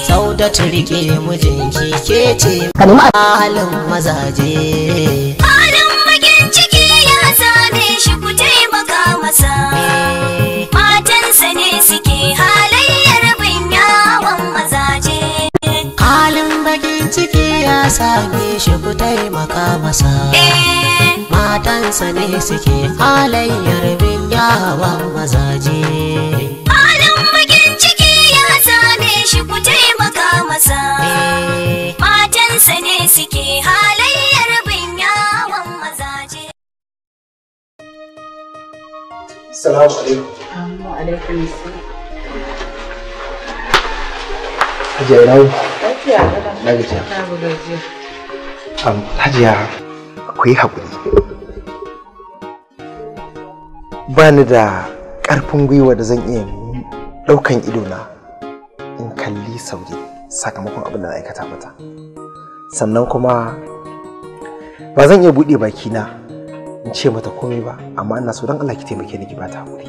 sau da ta rike mijinki ke ce halin mazaje zage shi ku taimaka masa matansa ne suke halayyar bin yawa mazaje halin bakin ciki ya same shi ku taimaka masa matansa ne suke halayyar bin yawan mazaje salamu alaikum alaikum salam Hajiya ina wuni? Lafiya Na gajiya. Na gajiya. hajiya akwai hakuri. bani da ƙarfin gwiwa da zan iya ɗaukan idona in kalli sauri sakamakon abin da na aikata mata sannan kuma ba zan iya buɗe bakina in ce mata komai ba amma ina so don Allah ki taimake ni ki bata ta haƙuri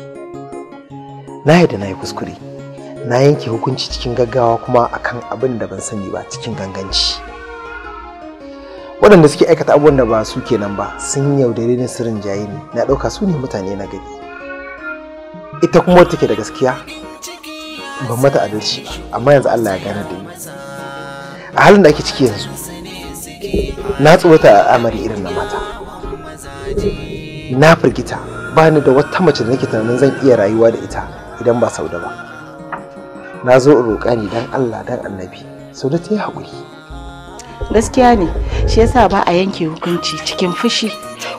na yadda na yi kuskure na yanke hukunci cikin gaggawa kuma akan abin da ban sani ba cikin ganganci waɗanda suke aikata abubuwan da ba su kenan ba sun yaudare ni sirrin jayi ne na ɗauka su ne mutane na gari ita kuma wata ke da gaskiya ban mata adalci amma yanzu Allah ya gane da ni a halin da ake ciki yanzu na tsorata a amari irin na mata na firgita ba ni da wata mace da nake tunanin zan iya rayuwa da ita idan ba sauda ba na zo in roƙa ni dan Allah dan annabi sau da ta yi haƙuri gaskiya ne shi yasa ba a yanke hukunci cikin fushi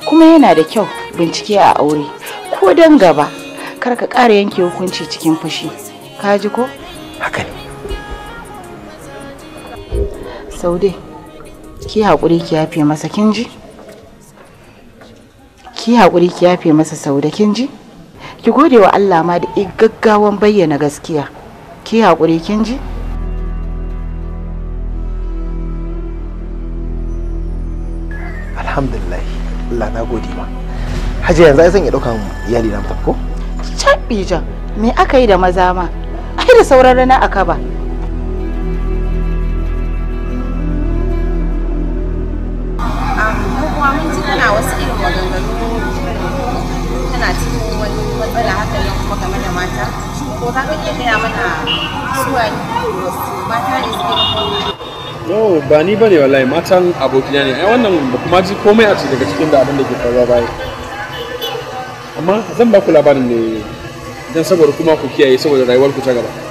kuma yana da kyau bincike a aure ko dan gaba kar ka ƙara yanke hukunci cikin fushi ka ji ko haka ne saude ki haƙuri ki yafe masa kin ji ki haƙuri ki yafe masa saude kin ji ki gode wa Allah ma da gaggawan bayyana gaskiya ki haƙuri kin ji alhamdulillah Allah na gode ma hajji yanzu ai zan ya ɗaukan iyali na ko caɓi me aka yi da maza ma ai da sauran rana aka ba tana wasu irin maganganu ko za ka iya gaya mana suwa mata suke no ba ni bane wallahi matan abokina ne ai wannan ba kuma ji komai a ce daga cikin da abin da ke faruwa amma zan ba ku labarin ne dan saboda kuma ku kiyaye saboda rayuwar ku ta gaba